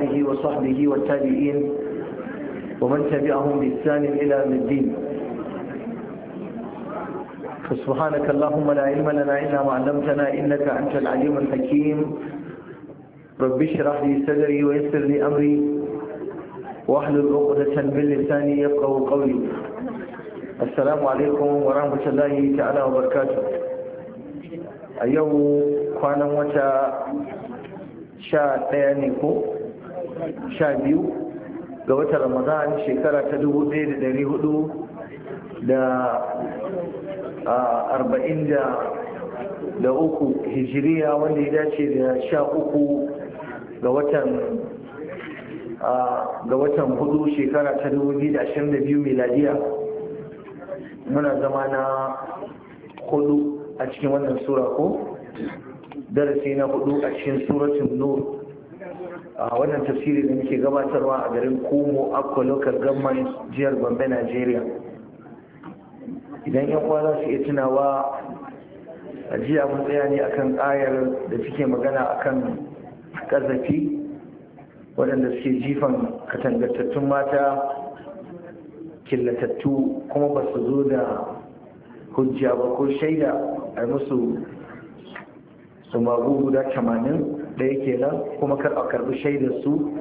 آله وصحبه والتابعين ومن تبعهم بإحسان إلى يوم الدين فسبحانك اللهم لا علم لنا إلا ما علمتنا إنك أنت العليم الحكيم رب اشرح لي صدري ويسر لي أمري واحلل عقدة من لساني يفقهوا قولي السلام عليكم ورحمة الله تعالى وبركاته اليوم كان متى sha ɗaya ne ko sha biyu ga wata ramadan shekara ta dubu ɗaya da ɗari hudu da arba'in da uku hijiriya wanda ya dace da sha uku ga watan ga watan hudu shekara ta dubu biyu da ashirin da biyu miladiya muna zama na hudu a cikin wannan sura ko darasi na hudu a cikin suratun nur A wannan tafsiri da muke gabatarwa a garin komo akwa local government jihar gombe nigeria idan yan uwa za su iya tunawa a jiya mun tsaya ne akan ayar da suke magana akan kazafi waɗanda suke jifan katangattattun mata killatattu kuma ba su zo da hujja ba ko shaida a musu magu guda tamanin ɗaya kenan kuma kar a karɓi shaidar su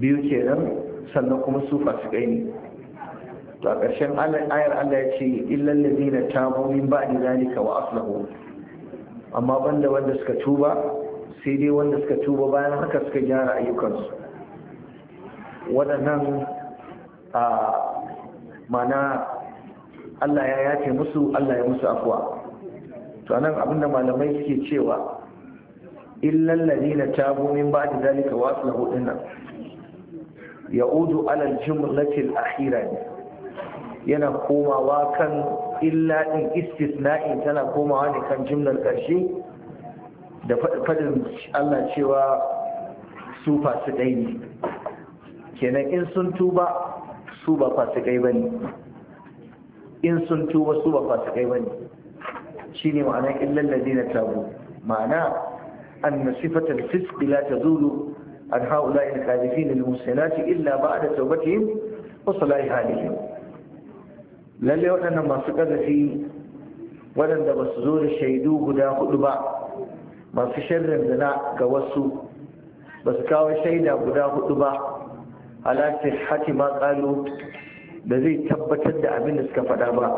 biyu kenan sannan kuma su fasikai ne to a ƙarshen ayar Allah ya ce zina ta tabu ba ba'di zalika wa aslahu amma banda wanda suka tuba sai dai wanda suka tuba bayan haka suka gyara ayyukansu waɗannan a mana Allah ya yace musu Allah ya musu afuwa to anan abinda malamai suke cewa illal ladina tabu min ba'di zalika wa aslahu dinna ya'udu ala al-jumlati al-akhirah yana komawa kan illa din istisna'in tana komawa ne kan jumlar karshe da fadin Allah cewa su fasikai ne kenan in sun tuba su ba fasikai bane in sun tuba su ba fasikai bane shine ma'anar illal ladina tabu ma'ana أن صفة الفسق لا تزول عن هؤلاء الكاذفين المحسنات إلا بعد توبتهم وصلاح حالهم lalle waɗannan masu ƙazafi waɗanda ba su zo da shaidu guda hudu ba masu sharrin zina ga wasu ba su kawo shaida guda huɗu ba alaƙar hati ma ƙalo da zai tabbatar da abin da suka faɗa ba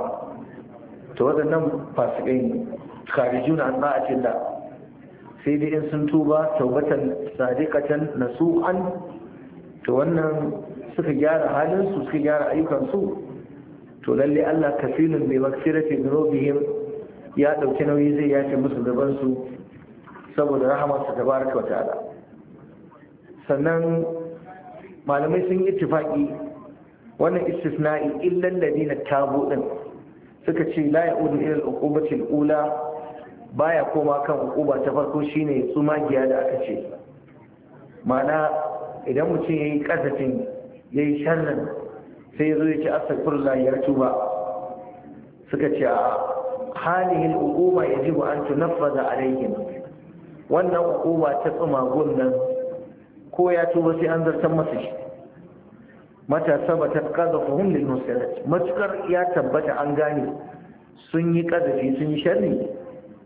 to waɗannan fasikai ne kharijuna an ba'atin da sai dai in sun tuba taubatan sadiqatan nasu'an to wannan suka gyara halin su suka gyara ayyukan su to lalle Allah kafilun bi maghfirati dhunubihim ya dauki nauyi zai yace musu gaban su saboda rahamarsa tabaraka wa ta'ala sannan malamai sun yi tufaki wannan istisna'i illal ladina tabu din suka ce la ya'udu ila al-uqubati al-ula baya koma kan uba ta farko shine tsumagiya da aka ce ma'ana idan mutum ya yi kasafin ya yi sharrin sai zo ya ce astagfirullah ya tuba suka ce a halihin uquba na an a alaihim wannan uquba ta tsumagun nan ko ya tuba sai an zartar masa shi mata sabatar qadafuhum lil muslimin matukar ya tabbata an gane sun yi ƙazafi sun yi sharri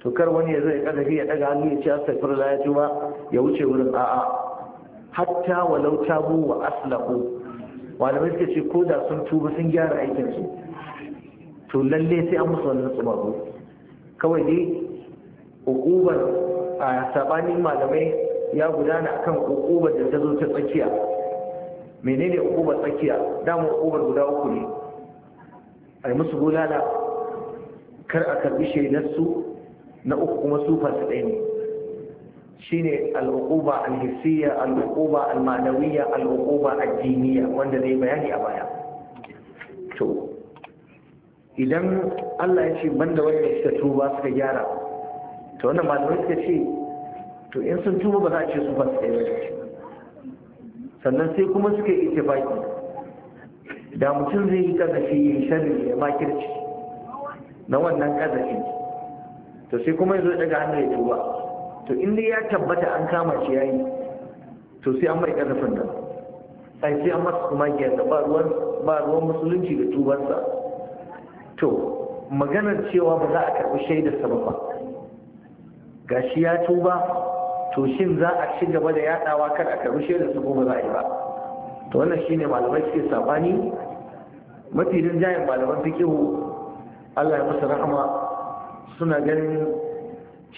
tukar wani ya zai kadafi ya daga hannu ya ce da ya ba ya wuce wurin a'a hatta walau tabu wa aslahu malamai suka ce ko da sun tuba sun gyara aikinsu. to lalle sai an musu wannan tsubaro kawai dai hukubar a sabanin malamai ya gudana akan hukubar da ta zo ta tsakiya menene hukubar tsakiya dama hukubar guda uku ne a yi musu bulala kar a karbi shaidarsu na uku kuma su ɗaya ne shine al'uquba al-hissiyya al'uquba al-ma'nawiyya al'uquba wanda zai bayani a baya to idan Allah ya ce banda wanda suka tuba suka gyara to wannan malamai suka ce to in sun tuba ba za a ce su ɗaya ba sannan sai kuma suka yi ita baki da mutum zai yi kazafi ya yi sharri ya makirci na wannan kazafi to sai kuma ya zo daga hannu ya tuba to in dai ya tabbata an kama shi yayi to sai an mai karfin da Sai sai an masa kuma ya da ba ruwan ba ruwan musulunci da tubarsa to maganar cewa ba za a karɓi shaidar sa ba Ga shi ya tuba to shin za a ci gaba da yadawa kar a karɓi shaidar sa ko ba za a yi ba to wannan shine malamai suke sabani mafi rinjayen malaman fikihu Allah ya masa rahama suna ganin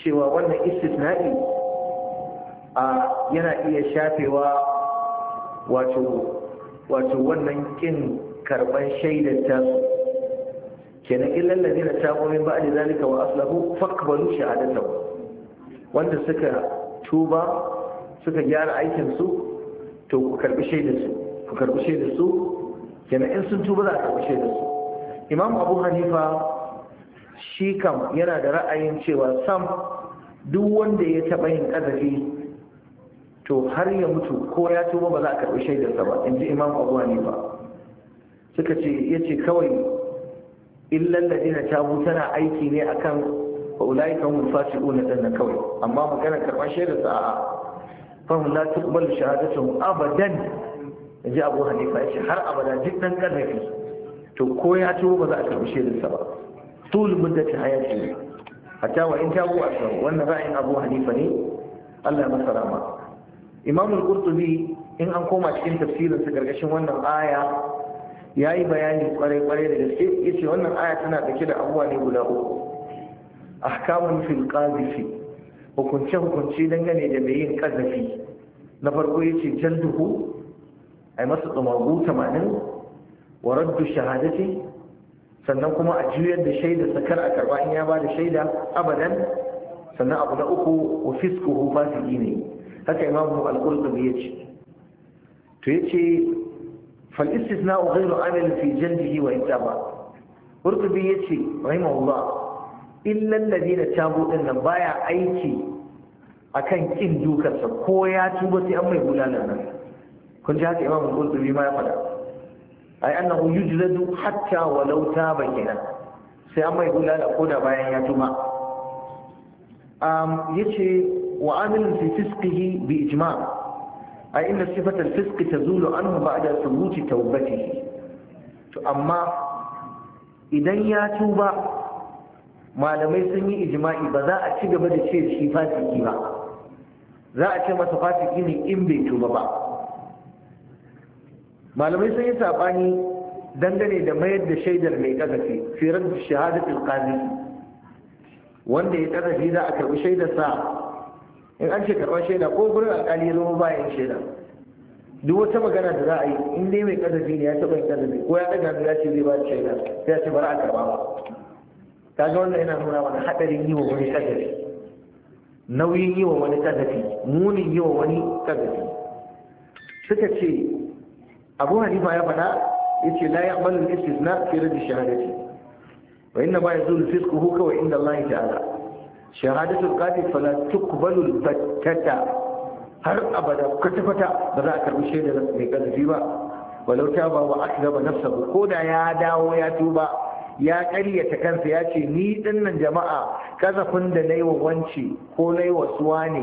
cewa wannan istisna'i a yana iya shafewa wato wato wannan kin karban shaidar tasu kenan illal ladina tabu min ba'di zalika wa aslahu faqbalu shahadatahu wanda suka tuba suka gyara aikinsu, to ku karbi shaidarsu. su ku karbi shaidar su kenan in sun tuba za a karbi shaidarsu. su imam abu hanifa shi kam yana da ra'ayin cewa sam duk wanda ya taɓa yin ƙazafi to har ya mutu ko ya tuba ba za a karɓi shaidarsa ba in ji imam abu ba suka ce ya ce kawai illan ladina tabu tana aiki ne akan ulai kan mun fasi una dan kawai amma magana karɓar shaidarsa a'a fa mun la tuqbal shahadatuhum abadan ji abu hanifa ya ce har abada duk dan ƙazafi to ko ya tuba ba za a karɓi shaidarsa ba طول مدة حياته حتى وإن جاءوا أكثر والنبائن أبو حنيفة الله مسلامة إمام القرطبي إن أنكم cikin تفسيرا سكرقشن وانا آية ya yi bayani kwarai-kwarai da gaske ya ce wannan aya tana ɗauke da abuwa ne guda uku ahkamun fil qazifi hukunce-hukunce dangane da mai yin qazafi na farko ya ce jalduhu a tamanin wa raddu sannan kuma a juyar da shaida sakar a karba in ya ba da shaida abadan sannan abu na uku wa fiskuhu fasiki ne haka imamu al-qurtubi yace to yace fal istisna'u ghayru amil fi jaldihi wa itaba qurtubi yace rahimahullah illa alladhina tabu din nan baya aiki akan kin dukarsa ko ya tuba sai an mai bulala nan kun ji haka imamu al-qurtubi ma ya faɗa ai annahu yujladu hatta walau taba kenan sai an mai bulala ko da bayan ya tuma yace wa amil fi fisqihi bi ijma' ai inna sifat al fisq tazulu anhu ba'da thubuti tawbatihi to amma idan ya tuba malamai sun yi ijma'i ba za a ci gaba da ce shi fasiki ba za a ce masa fasiki ne in bai tuba ba malamai sun yi saɓani dangane da mayar da shaidar mai ƙazafi firar da shahadatul qazi wanda ya ƙazafi za a karɓi shaidar sa in an ce karɓar shaida ko gurin alkali ya zama bayan shaida duk wata magana da za a yi in dai mai ƙazafi ne ya taɓa yin ƙazafi ko ya ɗaga ya ce zai ba da shaida ya ce bari a karɓa ba ta ga wannan yana nuna wani haɗarin yi wa wani ƙazafi nauyin yi wa wani ƙazafi munin yi wa wani ƙazafi suka ce abu hanifa ya faɗa yace la yaqbalu al-istisna fi radd shahadati wa inna ma yazulu fisquhu kawai inda Allah ta'ala shahadatu al fala tuqbalu battata har abada kwata ba za a karbi shaidar mai karfi ba walau ta ba wa akzaba nafsahu ko da ya dawo ya tuba ya karyata kansa ya ce ni dinnan jama'a kazafin da nayi wa wanci ko nayi wa suwa ne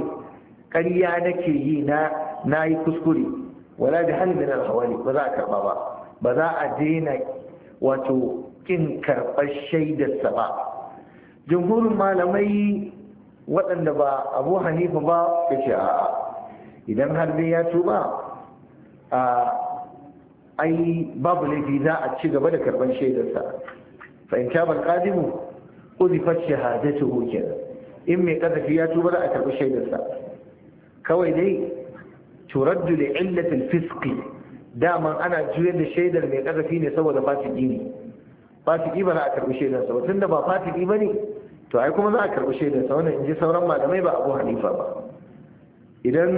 ƙarya nake yi na nayi kuskure wala da hal min al-hawali ba za a karba ba ba za a daina wato kin karɓar shaidarsa ba jumhurin malamai waɗanda ba abu hanifa ba ya ce idan har dai ya tuba a ai babu laifi za a ci gaba da karɓar shaidarsa fa in ta bal qadimu udifat shahadatuhu in mai ƙasafi ya tuba za a karɓi shaidarsa kawai dai turaddu li illatil Fiski, daman ana juyar da shaidar mai kazafi ne saboda fasiki ne fasiki ba za a karbi shaidar sa tunda ba fasiki bane to ai kuma za a karbi shaidar sa wannan inji sauran malamai ba Abu Hanifa ba idan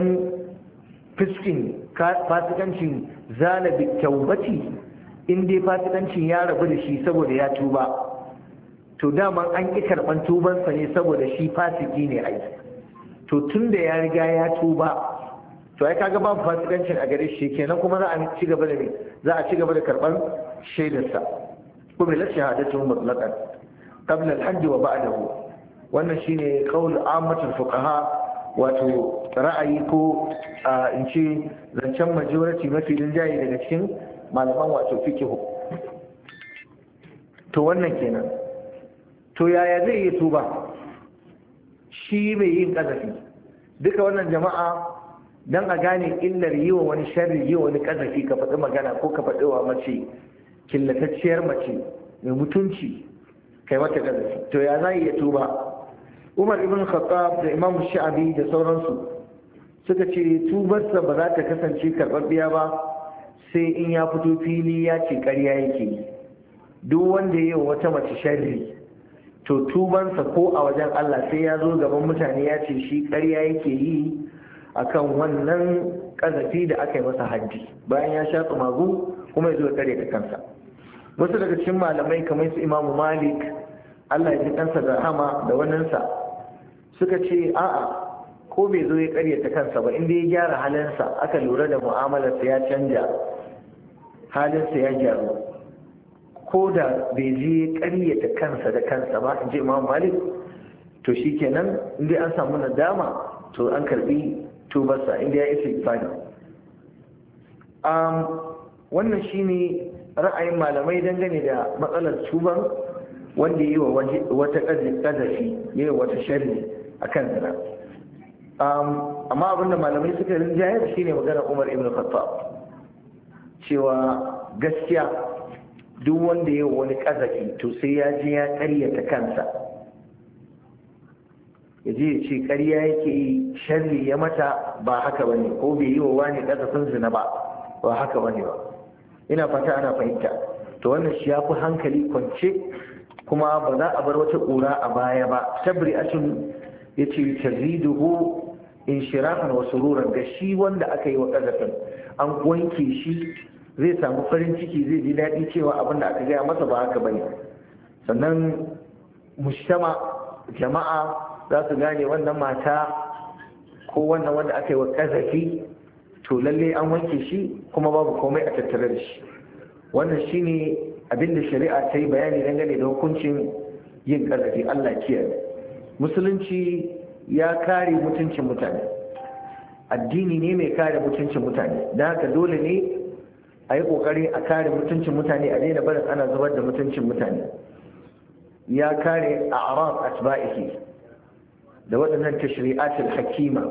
fiskin fasikancin zana taubati in dai fasikancin ya rabu da shi saboda ya tuba to daman an ƙi karɓan tubansa ne saboda shi fasiki ne ai to tun da ya riga ya tuba to ai kaga babu fasikancin a gare shi kenan kuma za a ci gaba da za a ci gaba da karban shaidarsa kuma la shahadatu mutlaqan qabla al-hajj wa ba'dahu wannan shine qaul ammatul fuqaha wato ra'ayi ko in ce zancen majority mafi rinjaye daga cikin malaman wato fikihu to wannan kenan to yaya zai yi tuba shi mai yin kazafi duka wannan jama'a don a gane illar yi wa wani sharri yi wa wani kazafi ka faɗi magana ko ka faɗi wa mace killatacciyar mace mai mutunci kai mata kazafi to ya za iya tuba umar ibn khattab da imam sha'abi da sauransu suka ce tubarsa ba za ta kasance karɓaɓɓiya ba sai in ya fito fili ya ce ƙarya yake duk wanda ya yi wata mace sharri to tubansa ko a wajen Allah sai ya zo gaban mutane ya ce shi ƙarya yake yi akan wannan kazafi da aka yi masa hajji. bayan ya sha tsumagu kuma ya zo ya kare da kansa wasu daga cikin malamai kamar su imamu malik allah ya ji kansa da hama da waninsa suka ce a'a ko bai zo ya da kansa ba inda ya gyara halinsa aka lura da mu'amalarsa ya canja halinsa ya gyaru ko da bai je ya karyata kansa da kansa ba in ji imamu malik to shikenan inda an samu nadama to an karbi tubarsa inda ya isa ifani um, wannan shi ne ra'ayin malamai dangane da matsalar tuban wanda yi wa wata ƙazafi ya yi wata shari a kan zina um, amma abinda malamai suka yi rinjaya shi ne magana umar ibn khattab cewa gaskiya duk wanda ya wani ƙazafi to sai ya je ya ƙaryata kansa ya je ce karya yake yi sharri ya mata ba haka bane ko bai yi wa wani sun zina ba ba haka bane ba ina fata ana fahimta to wannan shi ya fi hankali kwance kuma ba za a bar wata ƙura a baya ba sabri asun ya ce ta in shirafan wasu sururan ga shi wanda aka yi wa ƙazafin an wanke shi zai samu farin ciki zai ji daɗi cewa abin da aka gaya masa ba haka bane sannan mujtama jama'a za su gane wannan mata ko wannan wanda aka yi wa ƙazafi to lalle an wanke shi kuma babu komai a tattare da shi wannan shine abin da shari'a ta yi bayani dangane da hukuncin yin ƙazafi allah kiyar musulunci ya kare mutuncin mutane addini ne mai kare mutuncin mutane da haka dole ne a yi kokari a kare mutuncin mutane a daina barin ana zubar da mutuncin mutane ya kare a arab da waɗannan tashri'atul hakima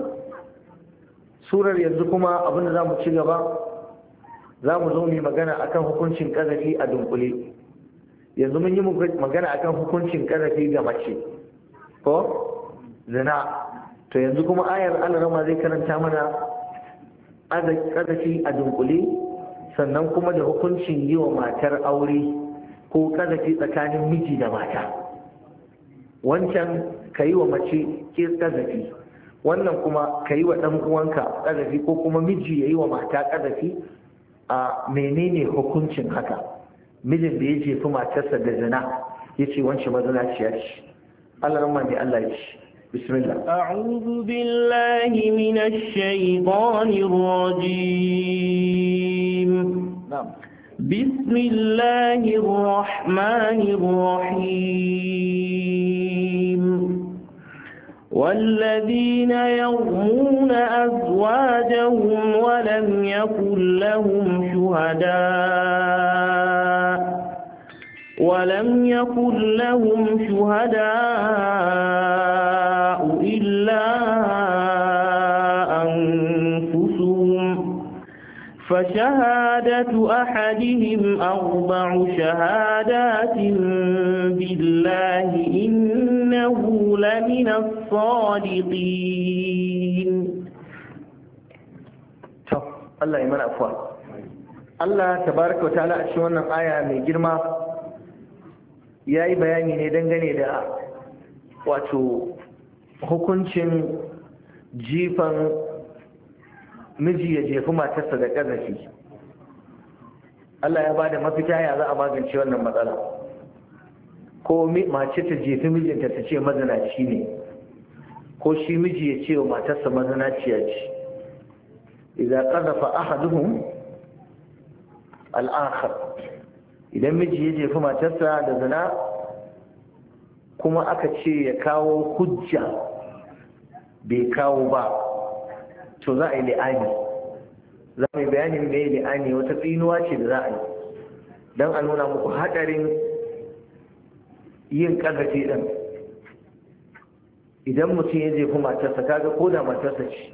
surar yanzu kuma abin da zamu ci gaba zamu zo mu magana akan hukuncin kazafi a dunkule yanzu mun yi magana akan hukuncin kazafi ga mace ko zina to yanzu kuma ayar Allah zai karanta mana ƙazafi a dunkule sannan kuma da hukuncin yi wa matar aure ko ƙazafi tsakanin miji da mata wancan ka yi wa mace ke ƙazafi wannan kuma ka yi wa ɗan uwanka ƙazafi ko kuma miji ya yi wa mata ƙazafi a menene hukuncin haka mijin da ya jefi matarsa da zina ya ce wance mazinaciya ce Allah ramma ne Allah ya ce بسم الله أعوذ بالله من الشيطان الرجيم نعم بسم الله الرحمن الرحيم والذين يرمون أزواجهم ولم يكن لهم شهداء ولم يكن لهم شهداء إلا أنفسهم فشهادة أحدهم أربع شهادات بالله إنه لمن الصالحين الصادقين طب الله يمنع أفوال Allah tabaraka wa ta'ala a cikin wannan aya mai girma yayi bayani ne dangane da wato hukuncin jifan miji ya jefi matarsa da ƙarfi Allah ya bada mafita ya za a magance wannan matsala ko mace ta jefi mijinta ta ce mazinaci ne ko shi miji ya ce wa matarsa mazanaciya ce idza qadafa ahaduhum al idan miji ya jefi matarsa da zina kuma aka ce ya kawo hujja bai kawo ba to za a yi li'ani za mu bayanin mai li'ani wata tsinuwa ce da za a yi don a nuna muku haɗarin yin ƙazafi ɗan idan mutum ya jefi matarsa kaga ko da matarsa ce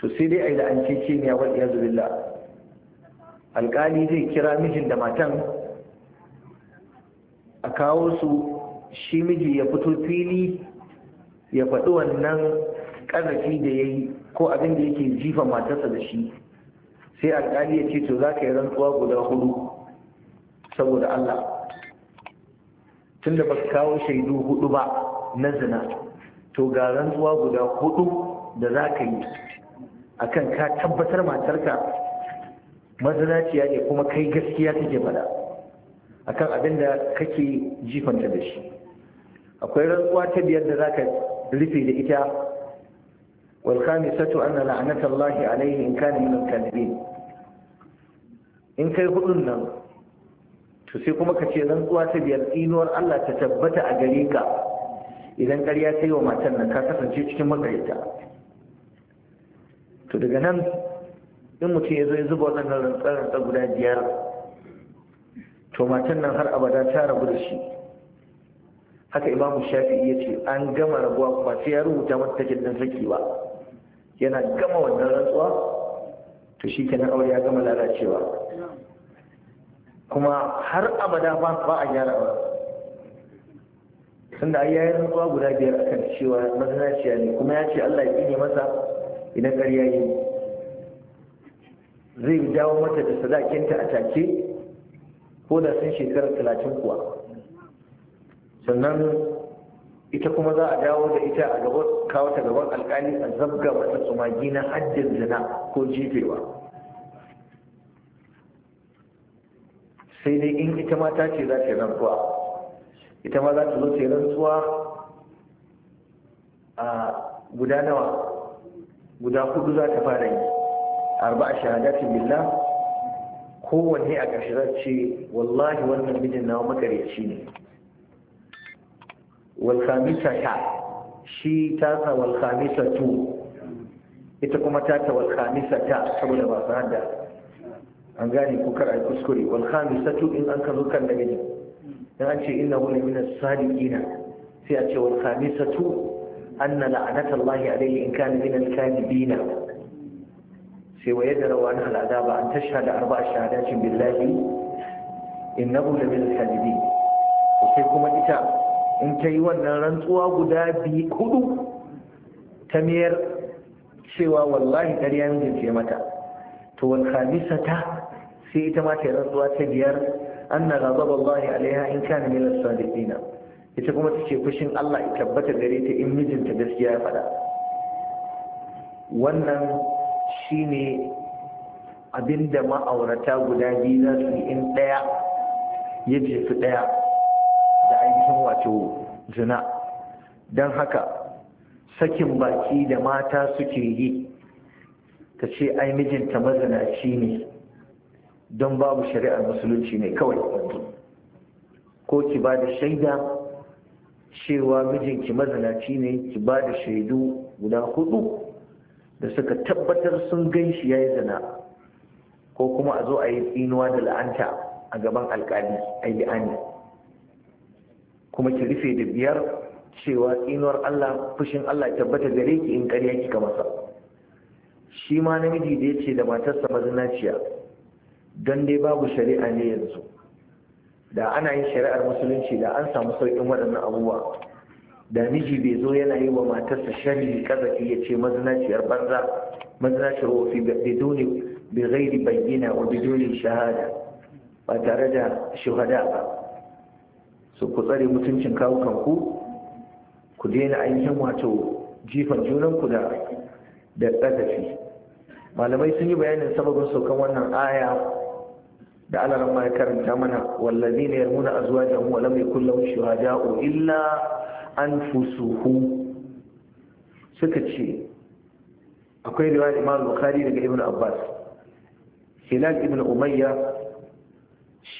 to sai dai a yi la'ance ce ne wal iyazu alƙali zai kira mijin da matan a kawo su shi miji ya fito fili ya faɗi wannan ƙarfi da ya yi ko abin da yake jifa matarsa da shi sai alkali ya ce to za ka yi rantsuwa guda hudu saboda Allah tunda ba kawo shaidu hudu ba na zina to ga rantsuwa guda hudu da za ka yi akan ka tabbatar matarka mazinaciya ne kuma kai gaskiya take faɗa akan abin da kake jifanta da shi akwai rantsuwa ta biyar da za ka rufe da ita والخامسة أن لعنة الله عليه in كان من الكاذبين in kai hudun nan to sai kuma ka ce rantsuwa ta biyar inuwar Allah ta tabbata a gare ka idan ƙarya ta yi wa matan nan ka kasance cikin magarita to daga nan in mutum ya zo ya zuba waɗannan ta guda biyar to matan nan har abada ta rabu da shi haka imamu shafi'i ya ce an gama rabuwa ba sai ya rubuta mata take dan saki ba yana gama wannan rantsuwa to shi kenan aure ya gama lalacewa kuma har abada ba a gyara aure sanda da ayyayin rantsuwa guda biyar akan cewa mazinaciya ne kuma ya ce Allah ya tsine masa idan ƙarya yi zai jawo mata da sadakinta a take ko da sun shekarar talatin kuwa sannan ita kuma za a dawo da ita a gaba kawo ta gaban alkali a zabga mata tsumagi na haddin zina ko jefewa sai dai in ita mata ce za ta yi rantsuwa ita ma za ta zo ta yi rantsuwa a guda nawa guda hudu za ta fara yi arba a ta billah kowanne a ƙarshe za ce wallahi wannan mijin na makareci ne walhamisa ta shi ta sa walhamisa tu ita kuma ta ta walhamisa ta saboda ba su hada an gane kukar a kuskure walhamisa tu in an ka zo kan namiji dan an ce innahu lamina sadiqina sai a ce wal khamisatu anna la'anata Allah alayhi in kana min al-kadibina sai waye da rawa na al ba an da arba'a shahadatin billahi innahu lamin al-kadibin sai kuma ita in ta yi wannan rantsuwa guda biyu hudu. ta miyar cewa wallahi ƙarya mijin ce mata to wal khamisata sai ita ma ta rantsuwa ta biyar anna Allah alaiha in kana min as-sadiqina ita kuma take fushin Allah ya tabbata gare ta in mijinta gaskiya ya faɗa wannan shine abinda ma'aurata guda biyu za su yi in ɗaya ya jefi ɗaya da ainihin wato zina don haka sakin baki da mata suke yi ta ce ai mijinta mazinaci ne don babu shari'ar musulunci ne kawai ko ki ba da shaida cewa mijinki mazinaci ne ki ba da shaidu guda hudu da suka tabbatar sun gan shi ya yi zana ko kuma a zo a yi tsinuwa da la'anta a gaban alkali a yi ani kuma ki rufe da biyar cewa tsinuwar allah fushin allah tabbata gare ki in karya kika masa shi ma namiji da ya ce da matarsa mazinaciya don dai babu shari'a ne yanzu da ana yin shari'ar musulunci da an samu sauƙin waɗannan abubuwa da miji bai zo yana yi wa matarsa sharri kazafi ya ce mazinaciyar banza mazinaciyar wofi bidoni bi ghairi bayyana wa bidoni shahada ba tare da shuhada ba su ku tsare mutuncin kawukan ku ku daina ainihin wato jifan junanku da da kazafi malamai sun yi bayanin sababin saukan wannan aya da alaran ma ya karanta mana wallazi ne yarmuna azwajan wa lam yakul lahum shuhada'u illa anfusuhu suka ce akwai riwayar Imam Bukhari daga Ibn Abbas Hilal ibn Umayya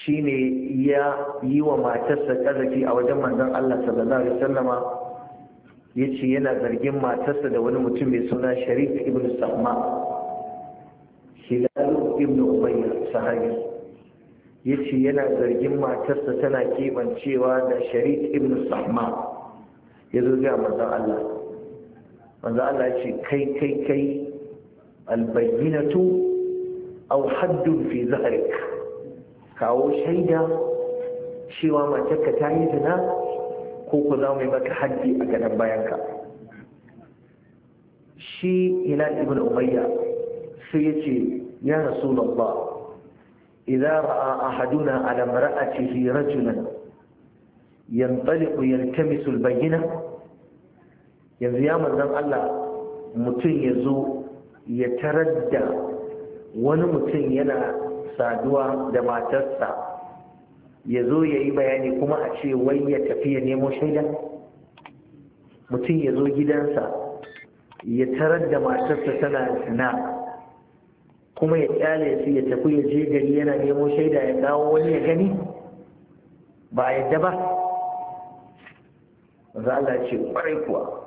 shine ya yi wa matarsa ƙarfi a wajen manzon Allah sallallahu alaihi wasallama yace yana zargin matarsa da wani mutum mai suna Sharif ibn Sahma Hilal ibn Umayya sahabi ya ce yana zargin matarsa tana kebancewa da sharit ibn sahma ya zo ga manzan Allah manzan Allah ya ce kai kai kai albayyinatu au haddun fi zahrik kawo shaida cewa matarka ta yi zina ko ku za mu yi maka haddi a gadon bayanka shi ina ibn umayya sai ya ce ya rasulullah إذا رأى أحدنا على امرأته رجلا ينطلق يلتمس البينة ya الزم الله متن يزو يتردى ونمتن ينا saduwa da matarsa ya zo ya yi bayani kuma a ce wai ya tafi ya nemo shaida mutum ya zo gidansa ya tarar da matarsa tana zina kuma ya kyale su ya tafi ya je gari yana nemo shaida ya dawo wani ya gani ba a yadda ba za a ce kwarai kuwa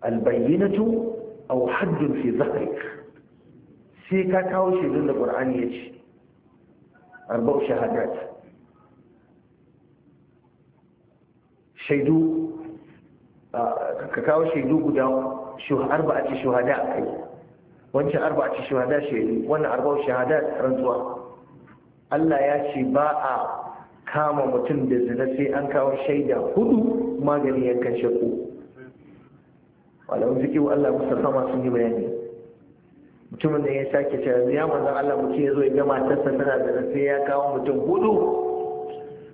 albayyinatu au haddun fi zahrik sai ka kawo shaidun da qur'ani ya ce arba'u shahadat shaidu ka kawo shaidu guda arba a ce shuhada a kai wancan arba ce shahada shi ne wannan arba shahada rantsuwa Allah ya ce ba a kama mutum da zina sai an kawo shaida hudu magani ya kashe ku walawun zikiwa Allah musa sama sun yi bayani mutumin da ya sake cewa ya manzan Allah mutum ya zo ya gama tasa tana da sai ya kawo mutum hudu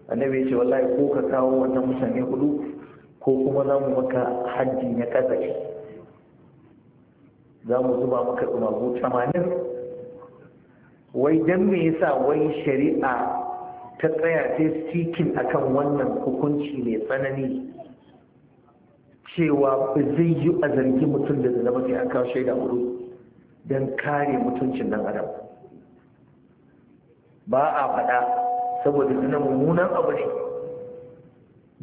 annabi ya ce wallahi ko ka kawo wata mutane hudu ko kuma za mu maka hajji na kasashe za mu zuba maka tsumagu 80 wai don me yasa wai shari'a ta tsaya ta stikin akan wannan hukunci mai tsanani cewa ba zai yi a zargi mutum da zama sai an kawo shaida wuri don kare mutuncin nan adam ba a faɗa saboda zina mummunan abu ne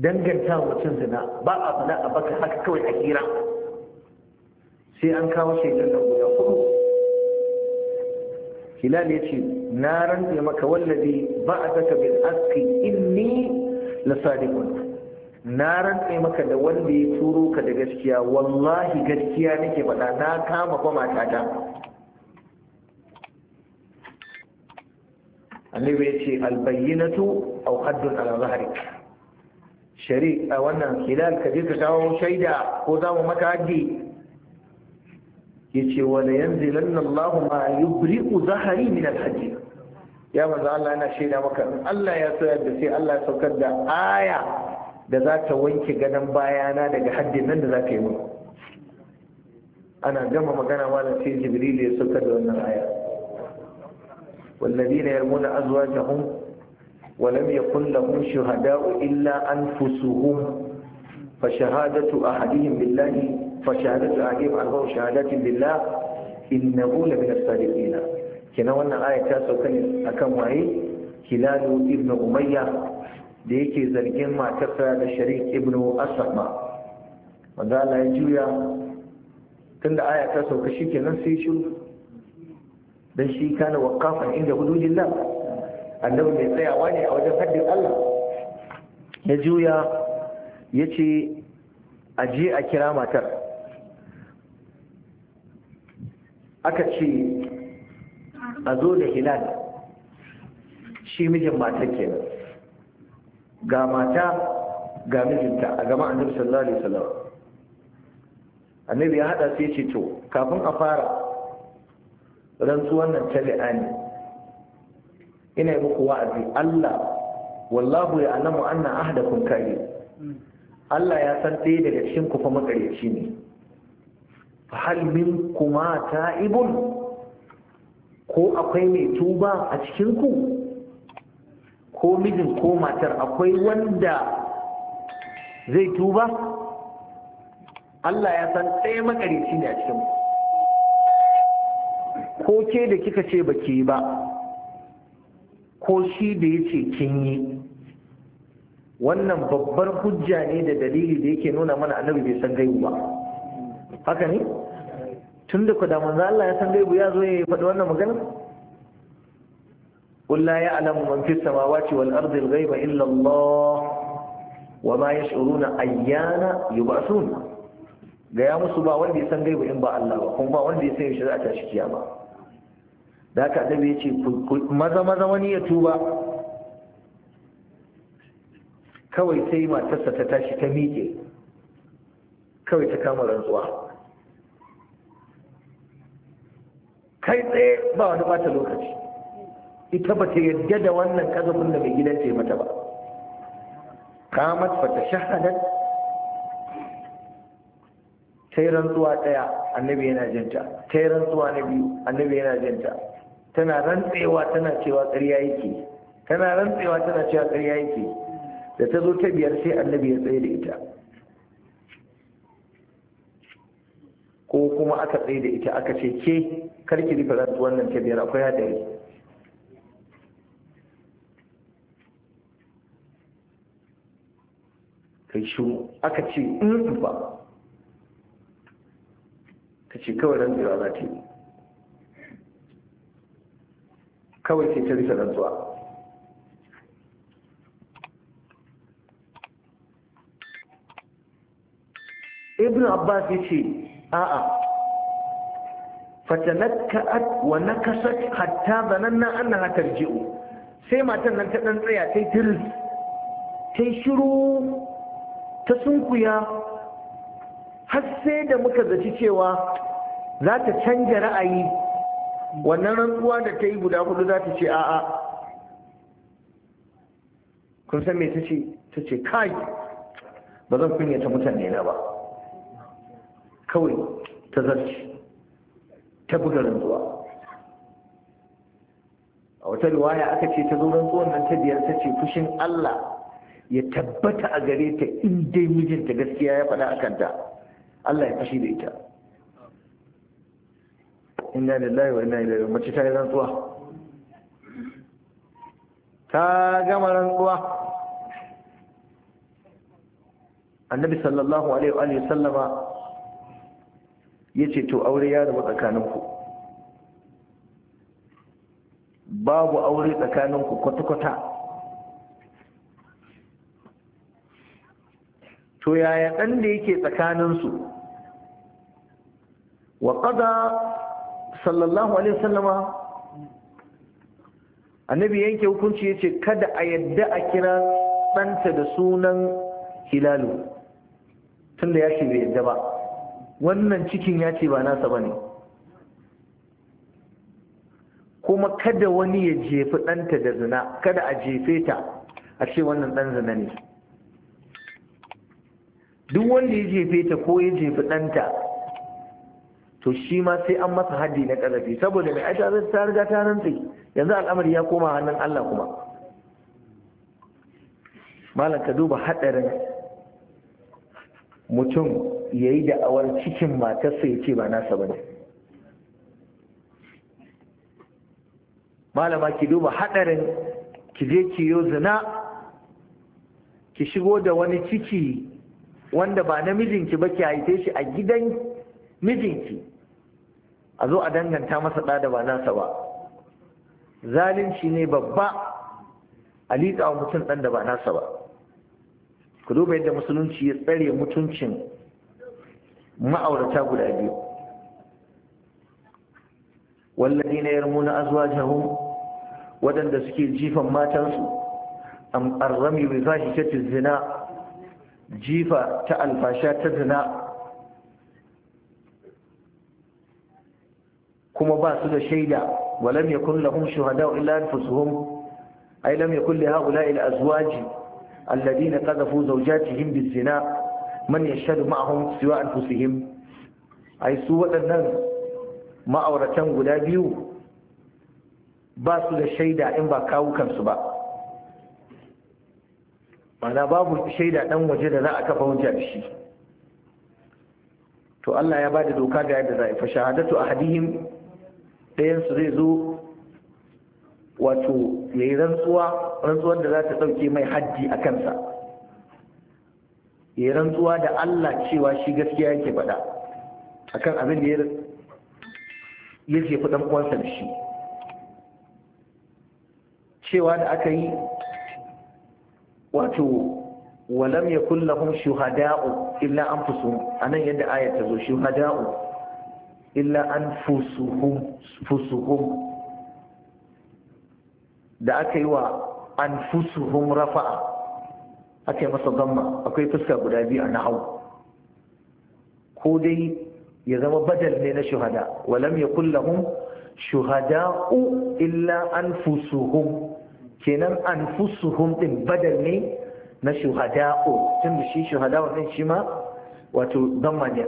danganta mutum zina ba a faɗa a baka haka kawai a hira sai an kawo shaidan da guda hudu hilal ya ce na rantse maka wallabi ba a zaka bin aski inni la sadiqun na rantse maka da wanda ya turo ka da gaskiya wallahi gaskiya nake faɗa na kama ba ta annabi ya ce albayyinatu aw haddun ala zahri shari'a wannan hilal ka je ka kawo shaida ko za mu maka haddi yace wala yanzilanna Allahu ma yubri'u zahari min al-hadid ya manzo Allah yana shaida maka in Allah ya so da sai Allah ya saukar da aya da za ta wanke ganin bayana daga haddin nan da za ta yi mun ana gama magana malam sai Jibril ya saukar da wannan aya والذين يرمون أزواجهم ولم يكن لهم شهداء إلا أنفسهم فشهادة أحدهم بالله فشهادة أحدهم أربع شهادات بالله إنه لمن الصادقين كنا وانا آية تاسو كان أكم وعي هلال ابن أمية ديكي زرقين ما تفعل الشريك ابن أسلم wanda Allah ya juya tun da aya ta sauka shi kenan sai shiru don shi kana wakafan inda hududillah annabi mai tsayawa ne a wajen haddin Allah ya juya ya ce a je a kira matar aka ce a zo da hilal shi mijin mata ke ga mata ga mijinta a gama annabi sallallahu alaihi wasallam annabi ya haɗa sai ce to kafin a fara rantsuwan nan ta li'ani ina yi muku wa'azi Allah wallahu ya alamu anna ahdakum kare hmm. Allah ya san ɗaya daga cikin ku fa makaryaci ne hal min kuma ibun ko akwai mai tuba a cikinku ko mijin ko matar akwai wanda zai tuba Allah ya san ɗaya makarici ne a cikin ko ke da kika ce ba ke ba ko shi da ya ce kin yi wannan babbar hujja ne da dalili da yake nuna mana annabi bai san gaiwa ba haka ne tun da ku da manzo Allah ya san bu ya zo ya faɗi wannan magana قل samawati wal ardi al السماوات illa Allah wa ma yash'uruna ayyana yub'athun يبعثون gaya musu ba wanda ya san gaibu in ba Allah ba kuma ba wanda ya san yaushe za a tashi kiyama da haka da ya ce maza maza wani ya tuba kawai sai matarsa ta tashi ta miƙe kawai ta kama rantsuwa kai tsaye ba wani bata lokaci ita ba ta yadda da wannan kazafin da mai gidan ce mata ba kamat fata shahadar ta yi rantsuwa ɗaya annabi yana jinta ta yi rantsuwa na biyu annabi yana jinta tana rantsewa tana cewa ƙarya yake tana rantsewa tana cewa ƙarya yake da ta zo ta biyar sai annabi ya tsaye da ita ko kuma aka tsaye da ita aka ce ke karki rufe za wannan ke biyar akwai hadari kai shi aka ce in ba Ka ce kawai zira za ta yi kawai sai ta rufe rantsuwa ibn abbas ya ce a'a fatanakkat wa nakasat hatta zananna annaha tarji'u sai matan nan ta dan tsaya sai tiris sai shiru ta sunkuya har sai da muka zaci cewa za ta canja ra'ayi wannan rantsuwa da ta yi guda hudu za ta ce a'a kun san me ta ce ta ce kai ba zan kunyata mutane na ba kawai ta zarci ta buga rantsuwa a wata riwaya aka ce ta zo rantsuwan nan ta biyar ta ce fushin Allah ya tabbata a gare ta in dai mijinta gaskiya ya faɗa a kanta Allah ya fashi da ita inna lillahi wa inna ilaihi mace ta yi rantsuwa ta gama rantsuwa annabi sallallahu alaihi wa sallama ya ce to aure ya rabu tsakaninku babu aure tsakaninku kwata-kwata to yaya ɗan da yake tsakaninsu wa ƙada sallallahu alaihi sallama annabi yanke hukunci ya ce kada a yadda a kira ɗanta da sunan hilalu tun da ya shi bai yadda ba wannan cikin ya ce ba nasa ba ne kuma kada wani ya jefi ɗanta da zina kada a jefe ta a ce wannan ɗan zina ne duk wanda ya jefe ta ko ya jefi ɗanta to shi ma sai an masa haddi na ƙarfi saboda mai aisha zai ta riga ta rantsi yanzu al'amari ya koma hannun Allah kuma malam ka duba haɗarin mutum ya yi da'awar cikin matarsa ya ce ba nasa ba ne malama ki duba haɗarin ki je ki yi zina ki shigo da wani ciki wanda ba na mijinki ba ki haife shi a gidan mijinki a zo a danganta masa ɗa da ba nasa ba zalunci ne babba a liƙa mutum ɗan da ba nasa ba ku duba yadda musulunci ya tsare mutuncin ma'aurata guda biyu wallazina yarmuna azwajahum Waɗanda suke jifan matansu am mai bi ta zina jifa ta alfasha ta zina kuma ba su da shaida walam yakun lahum shuhada illa anfusuhum ay lam yakun li haula'i al-azwaji alladhina qadhafu zawjatihim bizina man shaɗu ma'ahun siwa a yi su waɗannan ma'auratan guda biyu ba su da shaida in ba kawukansu ba mana babu shaida ɗan waje da za a kafa hujja da shi to Allah ya ba da doka ga yadda za a fa shahadatu a hadihim ɗayansu zai zo wato yi rantsuwa rantsuwar da za ta ɗauke mai haddi a kansa ya rantsuwa da Allah cewa shi gaskiya yake faɗa akan abin da ya ke ɗan uwansa da shi cewa da aka yi wato walam ya kullahum shuhada'u illa a nan yadda ayata zo shuhada'u illa fusu hun da aka yi wa an anfusuhum rafa'a aka yi masa gamma akwai fuska guda biyu a nahau ko dai ya zama badal ne na shuhada walam ya kullahun shuhada'u illa anfusuhum kenan anfusuhum din badal ne na shuhada'u tun da shi shuhada'u din shi ma wato gamma ne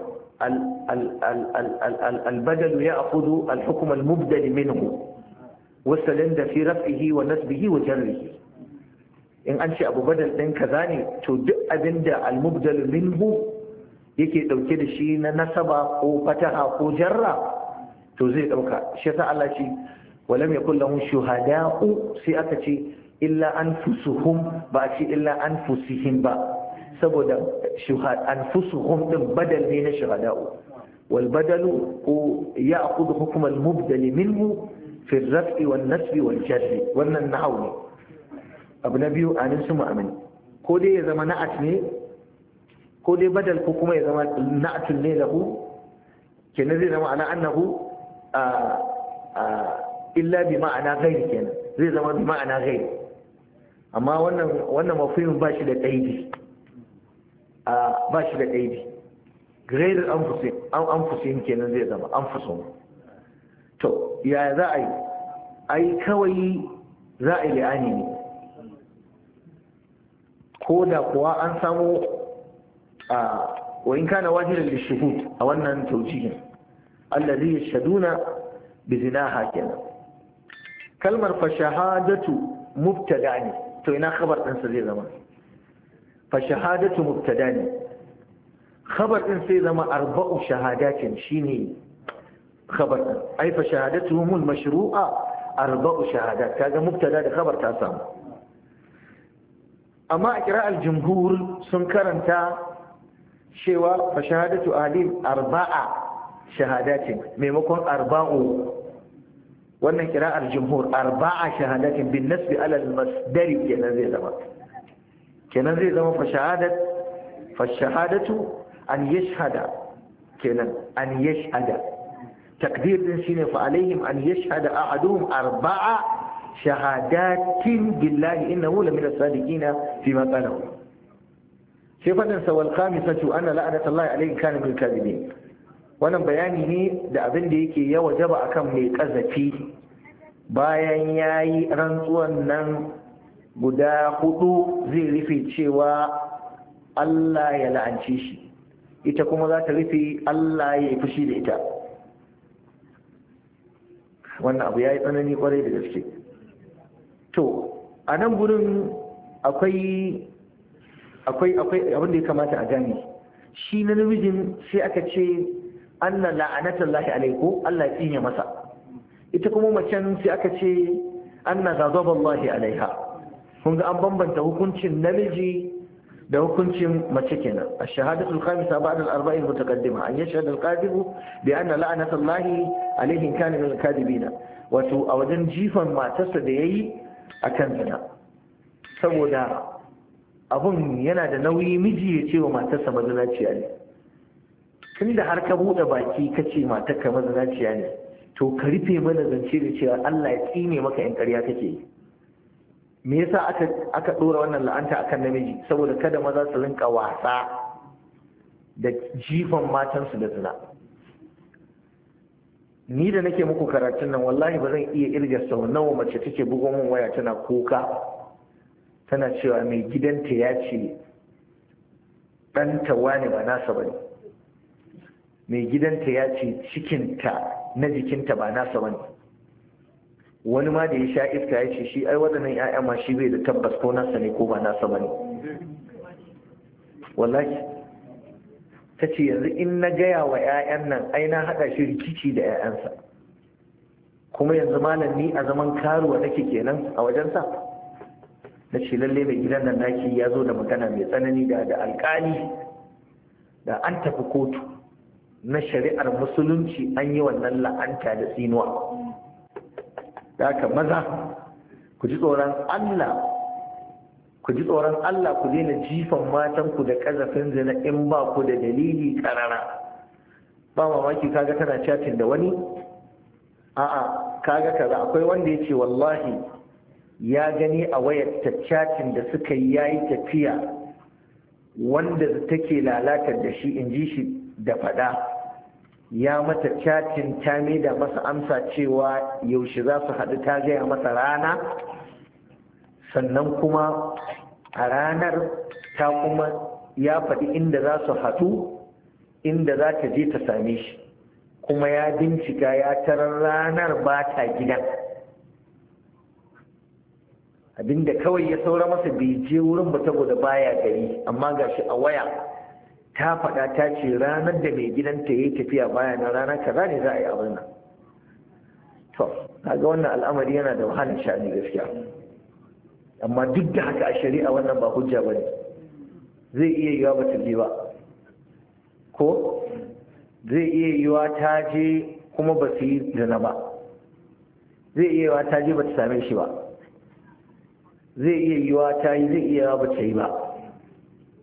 البدل يأخذ الحكم المبدل منه والسلند في رفعه ونسبه وجره in an ce abu badal ɗin kaza ne to duk abin da almubdal minhu yake ɗauke da shi na nasaba ko fataha ko jarra to zai ɗauka shi yasa Allah ce walam yakul lahum shuhada'u sai aka ce illa anfusuhum ba a ce illa anfusihim ba saboda shuhad anfusuhum din badal ne na shuhada'u wal badalu ko ya'khudhu hukm al mubdal minhu fi ar-raf'i wan nasbi wal jarri wannan nahwu ne abu na biyu anin su mu'amin ko dai ya zama na'at ne ko dai badal ko kuma ya zama na'atun ne lahu kenan zai zama ana annahu illa bi ma'ana ghairi kenan zai zama bi ma'ana ghairi amma wannan wannan mafhimin ba shi da kaidi ba shi da kaidi ghairi anfusin anfusin kenan zai zama anfusun to ya za a yi ai kawai za a yi li'ani ne ko da kuwa an samu a wa in kana wajilan lishuhud a wannan taujihin allazi yashhaduna bi zinaha kenan kalmar fa shahadatu mubtada ne to ina khabar din sa zai zama fa shahadatu mubtada ne khabar din sai zama arba'u shahadatin shine khabar din ai fa shahadatu al mashru'a arba'u shahadat kaga mubtada da khabar ta samu amma a kira'ar jumhur sun karanta cewa fa shahadatu alim arba'a shahadatin maimakon arba'u wannan kira aljumhur arba'a shahadatin bin nasbi ala al kenan zai zama kenan zai zama fa shahadat fa shahadatu an yashhada kenan an yashhada takdirin shine fa alaihim an yashhada ahaduhum arba'a shahadatin billahi innahu as-sadiqin fi ma qala sai fadin sa wal khamisatu anna allahi alayhi kana min kadhibin wannan bayani ne da abin da yake ya wajaba akan mai kazafi bayan yayi rantsuwan nan guda hudu zai rufe cewa Allah ya la'anci shi ita kuma za ta rufe Allah ya yi fushi da ita wannan abu ya yi tsanani kwarai da gaske to a nan gurin akwai akwai akwai abin da ya kamata a gane shi na namijin sai aka ce Allah la'anatar lahi alaiko Allah ya masa ita kuma macen sai aka ce Allah gazaban lahi alaiha kun ga an bambanta hukuncin namiji da hukuncin mace kenan a shahadatul khamisa ba'da al-arba'in mutaqaddima an yashhad al-qadibu bi anna la'anata Allah kana min al-kadibina wato a wajen jifan matarsa da yayi a kan zina saboda abun yana da nauyi miji ya ce wa matarsa mazinaciya ne tun da har ka buɗe baki ka ce matarka mazinaciya ne to ka rufe mana zance da cewa Allah ya tsine maka yan ƙarya kake yi me yasa aka aka ɗora wannan la'anta akan namiji saboda kada maza su rinka wasa da jifan matansu da zina ni da nake muku karatun nan wallahi ba zan iya irga sau nawa mace take bugo min waya tana kuka tana cewa mai gidanta ya ce ɗanta wane ba nasa ba ne mai gidanta ya ce cikinta na jikinta ba nasa ba ne wani ma da ya sha iska ya ce shi ai waɗannan 'ya'ya ma shi bai da tabbas ko nasa ne ko ba nasa ba ne wallahi ta ce yanzu in na gaya wa 'ya'yan nan ai na haɗa shi rikici da 'ya'yansa kuma yanzu malam ni a zaman karuwa nake kenan a wajensa na ce lalle mai gidan nan naki ya zo da magana mai tsanani da da alƙali da an tafi kotu na shari'ar musulunci an yi wannan la'anta da tsinuwa da haka maza ku ji tsoron allah ku ji tsoron Allah ku daina jifan matan ku da kazafin zina in ba ku da dalili karara ba mamaki kaga tana chatin da wani a'a kaga kaza akwai wanda ya ce wallahi ya gani a wayar ta chatin da suka yi yayi tafiya wanda take lalatar da shi in ji shi da fada ya mata chatin ta da masa amsa cewa yaushe za su haɗu ta gaya masa rana sannan kuma a ranar ta kuma ya faɗi inda za su haɗu inda za ta je ta same shi kuma ya bincika ya tarar ranar ba ta gidan abinda kawai ya saura masa bai je wurin ba saboda baya gari amma gashi a waya ta faɗa ta ce ranar da mai gidanta ya yi tafiya baya na rana kaza ne za a yi abin nan to kaga wannan al'amari yana da wahalar sha'ani gaskiya amma duk da haka a shari'a wannan ba hujja ba ne zai iya yiwa ba ta ba ko zai iya yiwa ta je kuma ba su yi zina ba zai iya yiwa ta je ba ta same shi ba zai iya yiwa ta yi zai iya ba ta yi ba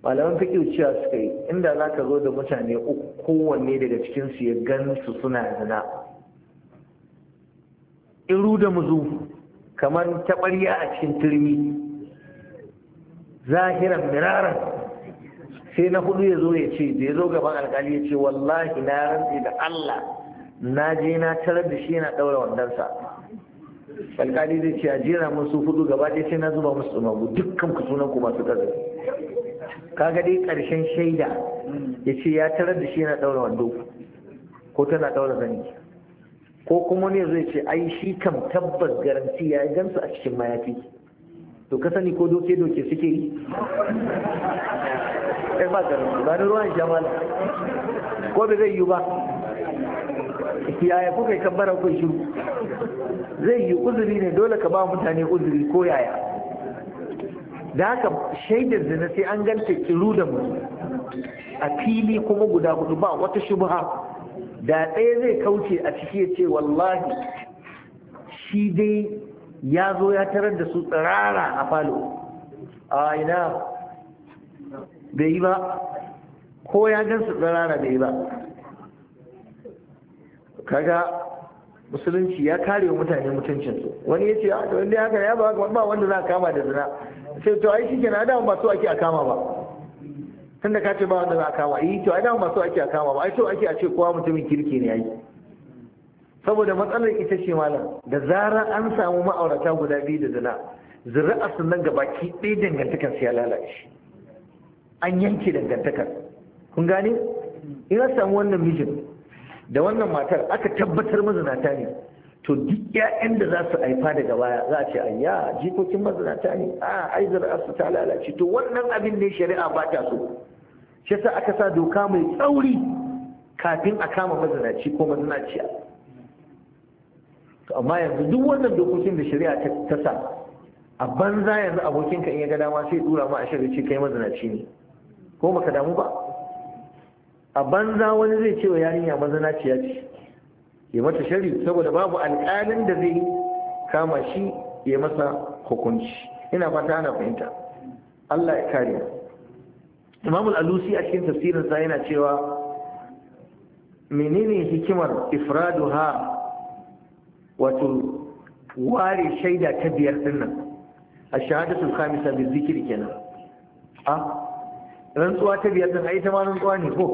malaman fiƙi cewa suka yi inda za ka zo da mutane uku kowanne daga cikinsu ya gan su suna zina iru da muzu kamar taɓarya a cikin turmi zahiran miraran sai na hudu ya zo ya ce da ya zo gaban alkali ya ce wallahi na rantsi da Allah na je na tarar da shi yana ɗaura wandonsa alkali zai ce a jera musu hudu gaba ɗaya sai na zuba musu tsumagu dukkan ku sunan ku masu ƙarfi kaga dai ƙarshen shaida ya ce ya tarar da shi yana ɗaura wando ko tana ɗaura zanki ko kuma ne zai ce ai shi kam tabbas garanti ya gansu a cikin mayafi to ka sani ko doke doke suke yi ai ba garanti ba ni ruwan jamal ko bai zai yi ba yaya kuka yi kabbara ku shiru zai yi uzuri ne dole ka ba mutane uzuri ko yaya da haka shaidar zina sai an ganta kiru da mu a fili kuma guda hudu ba wata shubha da ɗaya zai kauce a ciki ya ce wallahi shi dai ya zo ya tarar da su tsirara a falo a ina bai yi ba ko ya gan su tsirara bai yi ba kaga musulunci ya kare wa mutane mutuncinsu wani ya ce a ah, wanda ya haka ya ba wanda za a kama da zina sai to ai shi na adam ba so ake a kama ba tunda ka ce ba wanda za a kama yi to ai dama masu ake a kama ba ai to ake a ce kowa mutumin kirki ne yayi saboda matsalar ita ce malam da zarar an samu ma'aurata guda biyu da zina zuri'a nan ga baki ɗaya dangantakar ya lalace an yanke dangantakar kun gane ina samu wannan mijin da wannan matar aka tabbatar mazinata ne to duk ƴaƴan da za su haifa daga baya za a ce ayya jikokin mazinata ne a ah, ai zuri'a su ta lalace to wannan abin ne shari'a ba ta so shi yasa aka sa doka mai tsauri kafin a kama mazinaci ko mazinaciya amma yanzu duk wannan dokokin da shari'a ta sa a banza yanzu abokinka in ya ga dama sai dura ma a shirya ce kai mazanaci ne ko baka damu ba a banza wani zai ce wa yarinya mazinaciya ce ya mata shari saboda babu alƙalin da zai kama shi ya masa hukunci ina fata ana fahimta Allah ya kare mu imam al-alusi a cikin tafsirin sa yana cewa menene hikimar ifraduha wato ware shaida ta biyar dinnan ash-shahadatul khamisa bi zikri kenan a ah, rantsuwa ta biyar din ai ta ma rantsuwa ne ko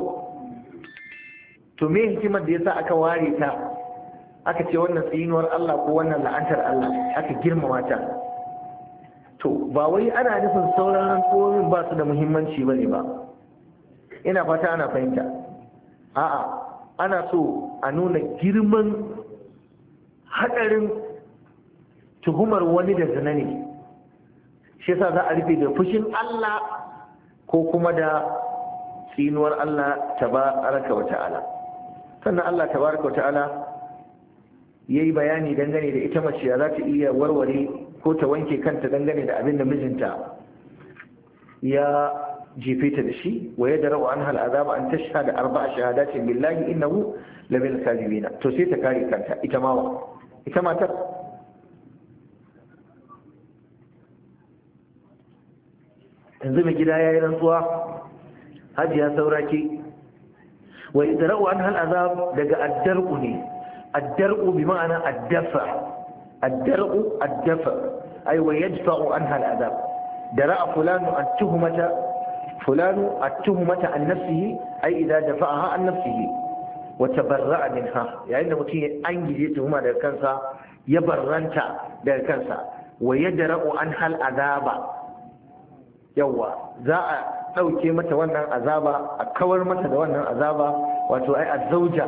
to me hikimar da yasa aka ware ta aka ce wannan tsinuwar Allah ko wannan la'antar Allah aka girmama ta to ba wai ana nufin sauran rantsuwoyin ba su da muhimmanci ba ne ba ina fata ana fahimta a'a ana so a nuna girman haɗarin tuhumar wani da zina ne shi yasa za a rufe da fushin Allah ko kuma da tsinuwar Allah tabaraka wa ta'ala sannan Allah tabaraka wa ta'ala yayi bayani dangane da ita mace za ta iya warware ko ta wanke kanta dangane da abin da mijinta ya jefe ta da shi wa ya da ra'u an hal'azaba an tasha da arba'a ce? billahi innahu la bil kadibina to sai ta kare kanta ita ma ita matar yanzu mai gida ya yi rantsuwa hajiya saura ke wa ya da ra'u an hal'azab daga addarku ne addarku bi ma'ana addasa الدرء الدفع أي ويدفع عنها العذاب درأ فلان التهمة فلان التهمة عن نفسه أي إذا دفعها عن نفسه وتبرأ منها يعني أنه تي أنجز تهمة للكنسة يبرنت للكنسة ويدرأ عنها العذاب يوا ذا ɗauke mata wannan azaba a kawar mata da wannan azaba wato ai azauja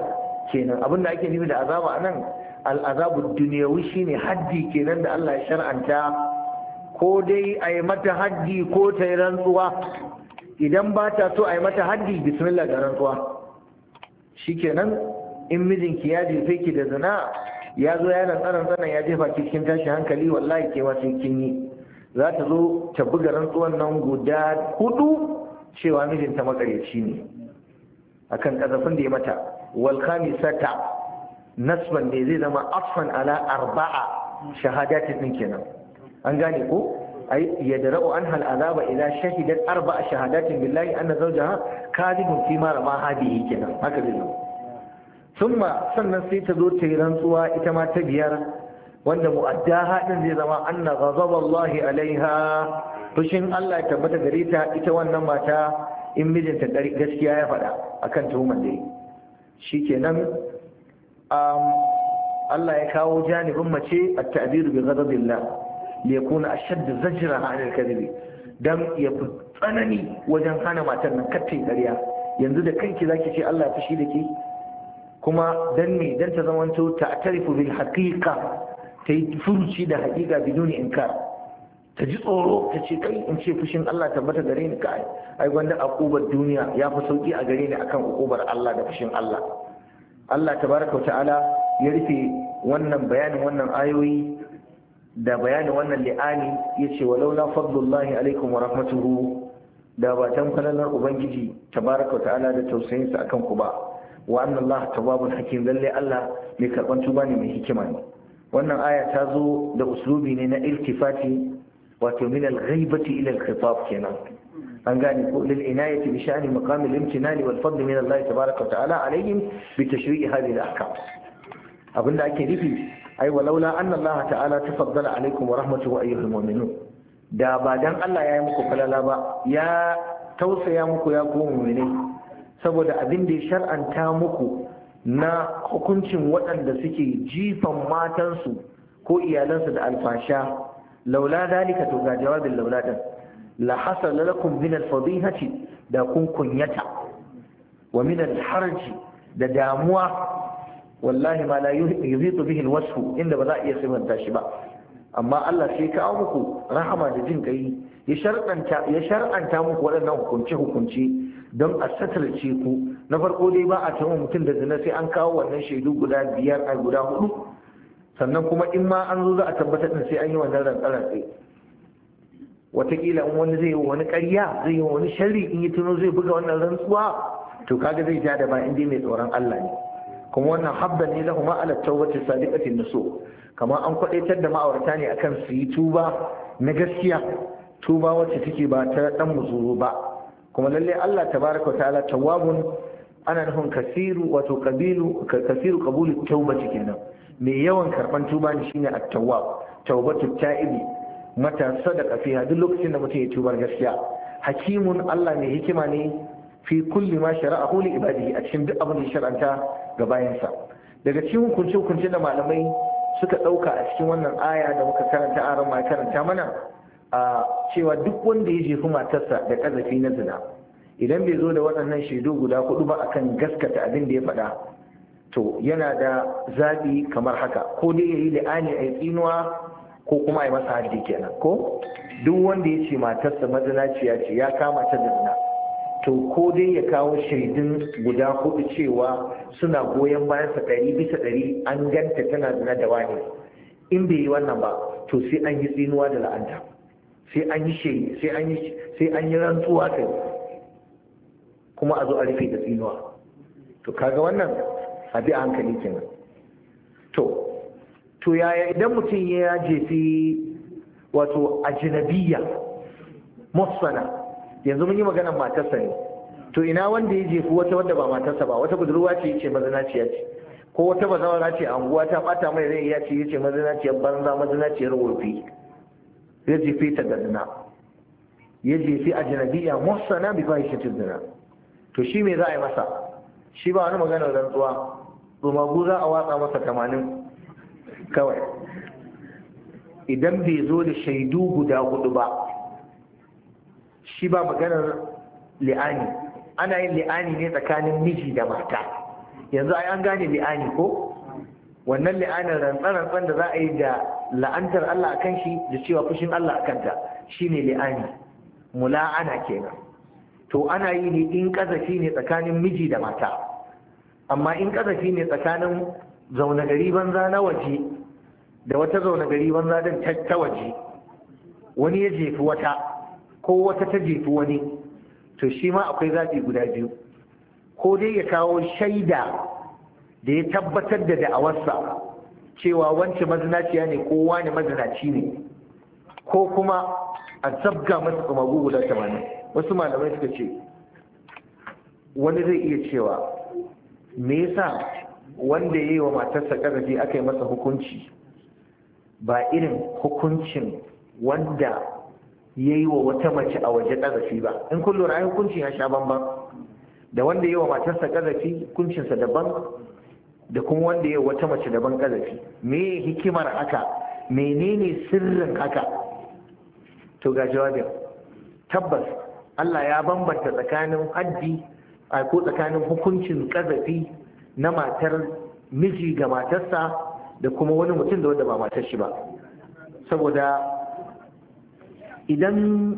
kenan abinda ake nufi da azaba anan al'azabu duniyawi shine haddi kenan da Allah ya shar'anta ko dai a yi mata haddi ko ta yi rantsuwa idan ba ta so a yi mata haddi bismillah ga rantsuwa Shi nan, in mijinki ya jefe ki da zina ya zo yana tsanan tsanan ya jefa cikin tashi hankali wallahi ke wasu kin yi za ta zo ta buga rantsuwan nan guda hudu cewa mijinta makaryaci ne akan kazafin da ya mata wal khamisata nasban ne zai zama afan ala arba'a shahadatin din kenan an gane ko ay yadra'u anha al'azaba idza shahidat arba'a shahadatin billahi anna zawjaha kadhibun fi ma rama hadihi kenan haka zai zama thumma sannan sai ta zo ta yi rantsuwa ita ma ta biyar wanda mu'adda din zai zama anna ghadaballahi alaiha fushin Allah ya tabbata gare ta ita wannan mata in mijinta gaskiya ya faɗa akan tuhumar da yi shikenan Um, Allah ya kawo janibin mace a ta'abiru bi ghadabillah li yakuna ashadd zajra an al-kadhibi dan ya fi tsanani wajen hana matar nan kattin ƙarya yanzu da kanki zaki ce Allah ya fushi da ke kuma dan me dan ta zamanto ta'tarifu bil haqiqa ta yi furuci da haƙiƙa biduni inkar ta ji tsoro ta ce kai in ce fushin Allah tabbata gare ni kai ai gwanda akubar duniya ya fi sauki a gare ni akan akubar Allah da fushin Allah Allah tabaraka wa ta'ala ya rufe wannan bayanin wannan ayoyi da bayanin wannan li'ani yace walau la fadlullahi alaikum wa rahmatuhu da ba tamkanar ubangiji tabaraka wa ta'ala da tausayinsa akan ku ba wa anna Allah tawwabun hakim lalle Allah mai karban tuba ne mai hikima ne wannan aya ta zo da uslubi ne na iltifati wato min al-ghaibati ila al-khitab kenan an gane ko lil inayati bi sha'ni maqam al imtinani wal fadl min Allah tabaaraka wa ta'ala alaihim bi tashri'i hadhihi al ahkam abinda ake nufi ai walaula anna Allah ta'ala tafaddala alaikum wa rahmatuhu ayyuhal mu'minun da ba dan Allah ya yi muku falala ba ya tausaya muku ya ku mu'minai saboda abin da ya shar'anta muku na hukuncin waɗanda suke jifan matansu ko iyalansu da alfasha laula dalika to ga jawabin laula din la hasala lakum min al-fadihati da kun kunyata wa min al-harji da damuwa wallahi ma la yuhitu bihi al-wasf inda ba za a iya sifanta shi ba amma Allah sai kawo muku rahama da jin kai ya shar'anta ya shar'anta muku waɗannan hukunci hukunci don a satarce ku na farko dai ba a tawo mutum da zina sai an kawo wannan shaidu guda biyar a guda hudu sannan kuma in ma an zo za a tabbatar din sai an yi wannan rantsarantsi watakila in wani zai wani ƙarya zai yi wani shari in yi tuno zai buga wannan rantsuwa to kaga zai ja da ba dai mai tsoron Allah ne kuma wannan habba ne lahuma ala tawbati sadiqatin nusu Kamar an kwadaitar da ma'aurata ne akan su yi tuba na gaskiya tuba wacce take ba ta dan muzuru ba kuma lalle Allah tabaraka ta'ala tawwabun ana nuhun kasiru wato kabilu kasiru qabulu tawbati kenan mai yawan karban tuba ne shine at-tawwab tawbatu ta'ibi mata sadaka fiha duk lokacin da mutum ya tubar gaskiya hakimun Allah mai hikima ne fi kulli ma shara'ahu li ibadihi a cikin duk abin da shar'anta ga bayansa daga cikin hukunce hukunce da malamai suka dauka a cikin wannan aya da muka karanta a ma karanta mana a cewa duk wanda ya jefi matarsa da kazafi na zina idan bai zo da waɗannan shaidu guda hudu ba akan gaskata abin da ya faɗa to yana da zaɓi kamar haka ko dai yayi yi la'ani a tsinuwa ko kuma yi masa haddi kenan ko duk wanda ya ce matarsa mazinaciya ce ya kama ta da zina to ko dai ya kawo shaidun guda hudu cewa suna goyon bayansa ɗari bisa ɗari an ganta tana zina da wani in bai yi wannan ba to sai an yi tsinuwa da la'anta sai an yi sai an yi rantsuwa kai kuma a zo a rufe da tsinuwa to kaga wannan abi a hankali kenan to to yaya idan mutum ya fi wato ajinabiya mussana yanzu mun yi maganar matarsa ne to ina wanda ya jefi wata wadda ba matarsa ba wata budurwa ce yace mazinaciya ce ko wata bazawara ce a unguwa ta bata mai rai yace ce yace mazinaciyar banza mazinaciyar wofi ya jefe ta da zina ya jefe ajinabiya mussana bi fahishatin zina to shi me za a yi masa shi ba wani maganar rantsuwa za a watsa masa tamanin kawai idan bai zo da shaidu guda hudu ba shi ba maganar li'ani ana yin li'ani ne tsakanin miji da mata yanzu ai an gane li'ani ko wannan li'anin rantsan-rantsan da za a yi da la'antar Allah akan shi da cewa fushin Allah akan ta ne li'ani mula'ana kenan to ana yi ne in kazafi ne tsakanin miji da mata amma in kazafi ne tsakanin zaune gari banza na waje da wata zaune gari banza din ta waje wani ya jefi wata ko wata ta jefi wani to shi ma akwai zaɓi guda biyu ko dai ya kawo shaida da ya tabbatar da da'awarsa cewa wancan mazinaciya ne ko wani mazinaci ne ko kuma a zabga masa tsumagu guda tamanin wasu malamai suka ce wani zai iya cewa me yasa wanda ya yi wa matarsa ƙarfi aka yi masa hukunci ba irin hukuncin wanda ya yi wa wata mace a waje ƙazafi ba in kun lura ya hukuncin ya sha banban da wanda ya yi wa matarsa ƙazafi hukuncinsa daban da kuma wanda ya yi wata mace daban ƙazafi me hikimar haka menene sirrin haka to ga jawabin tabbas Allah ya bambanta tsakanin haddi ko tsakanin hukuncin ƙazafi na matar miji ga matarsa da kuma wani mutum da wanda ba matar shi ba saboda idan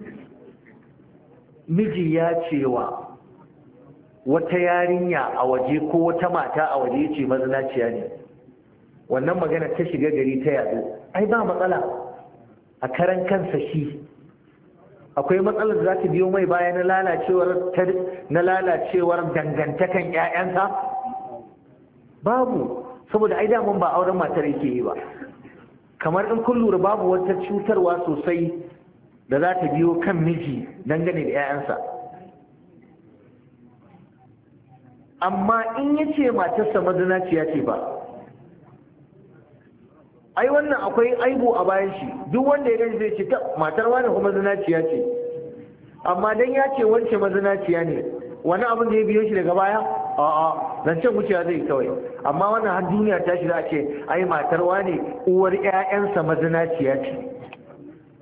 miji ya wa wata yarinya a waje ko wata mata a waje ce mazinaciya ne wannan magana ta shiga gari ta yadu ai ba matsala a karan kansa shi akwai matsalar da za ta biyo mai baya na lalacewar na lalacewar dangantakan 'ya'yansa babu saboda ai mun ba auren matar yake yi ba kamar in kun lura babu wata cutarwa sosai da za ta biyo kan miji dangane da 'ya'yansa amma in ya ce matarsa mazina ce ba ai wannan akwai aibu a bayan shi duk wanda ya gani zai ce matar wani kuma mazinaciya ce amma dan ya ce wance mazinaciya ne wani abin da ya biyo shi daga baya a'a nan can wucewa zai kawai amma wannan har duniya ta shi ce ai matar wane uwar ƴaƴansa mazinaciya ce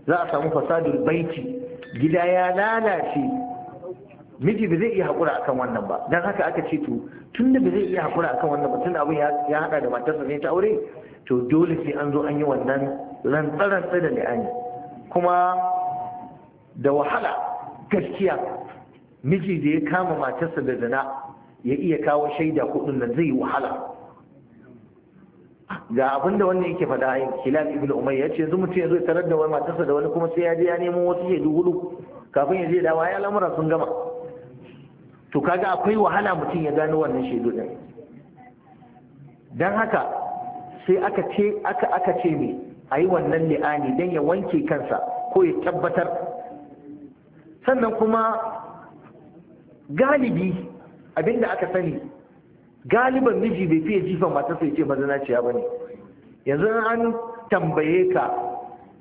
za a samu fasadul baiti gida ya lalace miji ba zai iya haƙura akan wannan ba don haka aka ce to tun da ba zai iya haƙura akan wannan ba tun abin ya haɗa da matarsa ne ta aure to dole sai an zo an yi wannan tsada da li'ani kuma da wahala gaskiya miji da ya kama matarsa da zina ya iya kawo shaida kudin nan zai wahala ga abinda da wannan yake fada ai hilal ibn umar ya ce yanzu mutum ya zo tarar da wani matarsa da wani kuma sai ya je ya nemo wasu ya shaidu hudu kafin ya je dawa ya lamura sun gama to kaga akwai wahala mutum ya gano wannan shaidu ɗin. dan haka sai aka ce aka aka ce me ayi wannan li'ani dan ya wanke kansa ko ya tabbatar sannan kuma galibi abinda aka sani galiban miji bai fiye jifan mata sai ce mazanaciya ba ne yanzu an tambaye ka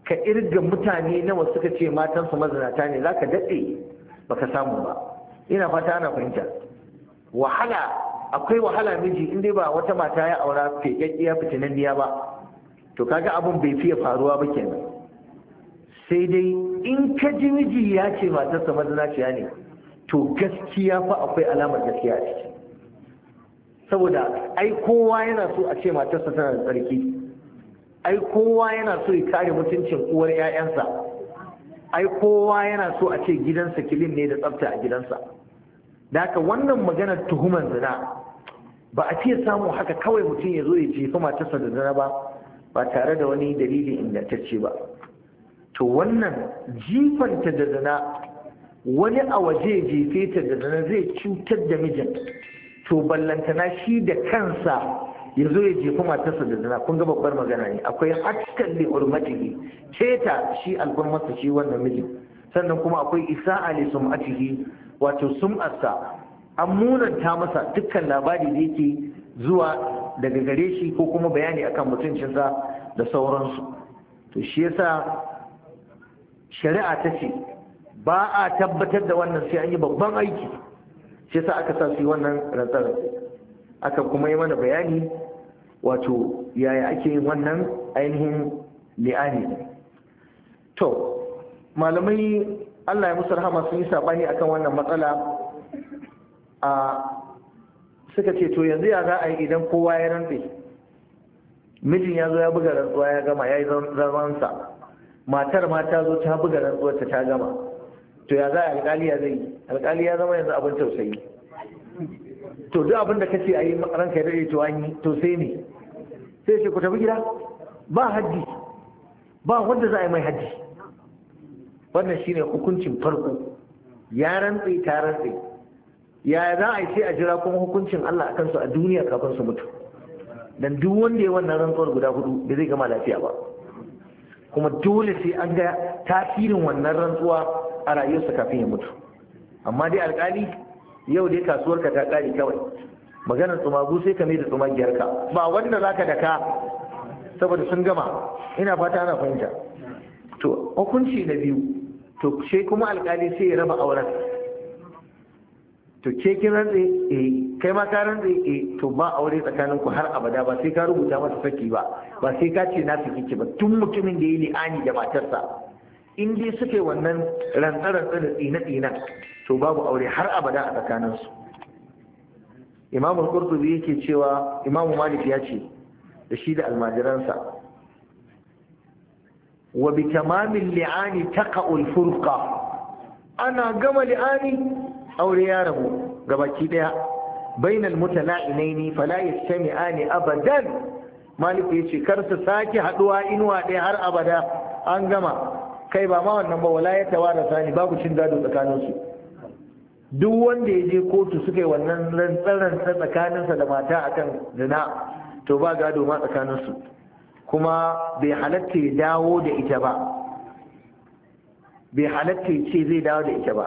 ka irga mutane nawa suka ce matansu mazanata ne za ka daɗe ba ka samu ba ina fata ana fahimta wahala akwai wahala miji in dai ba wata mata ya aura fekekkiya fitinanniya ba to kaga abin bai fiye faruwa ba kenan sai dai in ka ji miji ya ce matarsa mazanaciya ne to gaskiya fa akwai alamar gaskiya a ciki saboda ai kowa yana so a ce matarsa tana da tsarki ai kowa yana so ya kare mutuncin uwar 'ya'yansa ai kowa yana so a ce gidansa kilin ne da tsafta a gidansa da haka wannan maganar tuhuman zina ba a fiye samu haka kawai mutum ya zo ya jefa matarsa da zina ba ba tare da wani dalili ingantacce ba to wannan jifanta da zina wani a waje jefe ta da na zai cutar da mijin to ballantana shi da kansa ya zo ya jefa matarsa da zina kun ga babbar magana ne akwai hakkan li urmatihi ceta shi alfarmarsa shi wannan mijin sannan kuma akwai isa'a ali sum'atihi wato sum'arsa an munanta masa dukkan labari da yake zuwa daga gare shi ko kuma bayani akan mutuncinsa da sauransu to shi yasa shari'a ta ce ba a tabbatar da wannan sai an yi babban aiki shi sa aka sa su wannan rantsar aka kuma yi mana bayani wato yaya ake yin wannan ainihin li'ani to malamai allah ya musu rahama sun yi sabani akan wannan matsala a suka ce to yanzu ya za a yi idan kowa ya rantse mijin ya zo ya buga rantsuwa ya gama ya yi zarwansa matar ma ta zo ta buga rantsuwarta ta gama to ya za a alƙali ya zai alƙali ya zama yanzu abin tausayi to duk abin da ce a yi ranka ya daɗe to an yi tausayi sai ne sai ce ku tafi gida ba haddi ba wanda za a yi mai haddi wannan shi ne hukuncin farko ya rantsi ta rantsi ya za a yi sai a jira kuma hukuncin Allah a kansu a duniya kafin su mutu dan duk wanda ya wannan rantsuwar guda hudu da zai gama lafiya ba kuma dole sai an ga tasirin wannan rantsuwa a rayuwarsa kafin ya mutu amma dai alkali yau dai kasuwarka ta kare kawai maganar tsumagu sai ka mai da tsumagiyar ka ba wanda za ka daka saboda sun gama ina fata ana fahimta to hukunci na biyu to sai kuma alkali sai ya raba auren to ke kin rantsi eh kai ma ka rantsi eh to ba aure tsakanin ku har abada ba sai ka rubuta masa saki ba ba sai ka ce na fiki ba tun mutumin da yi li'ani da matarsa in dai suke wannan rantsa-rantsa da tsina-tsina to babu aure har abada a tsakaninsu imamu qurtubi yake cewa imamu malik ya ce da shi da almajiransa wa bi tamamin li'ani taqa'ul furqa ana gama li'ani aure ya rabu gabaki daya bainal mutala'inaini fala yastami'ani abadan malik yace kar su sake haduwa inuwa ɗaya har abada an gama kai ba ma wannan ba wala ya tawara sani babu cin gado tsakaninsu duk wanda ya je kotu suka yi wannan rantsaran tsakaninsa da mata akan zina to ba gado ma tsakaninsu kuma bai halatta ya dawo da ita ba bai halatta ya ce zai dawo da ita ba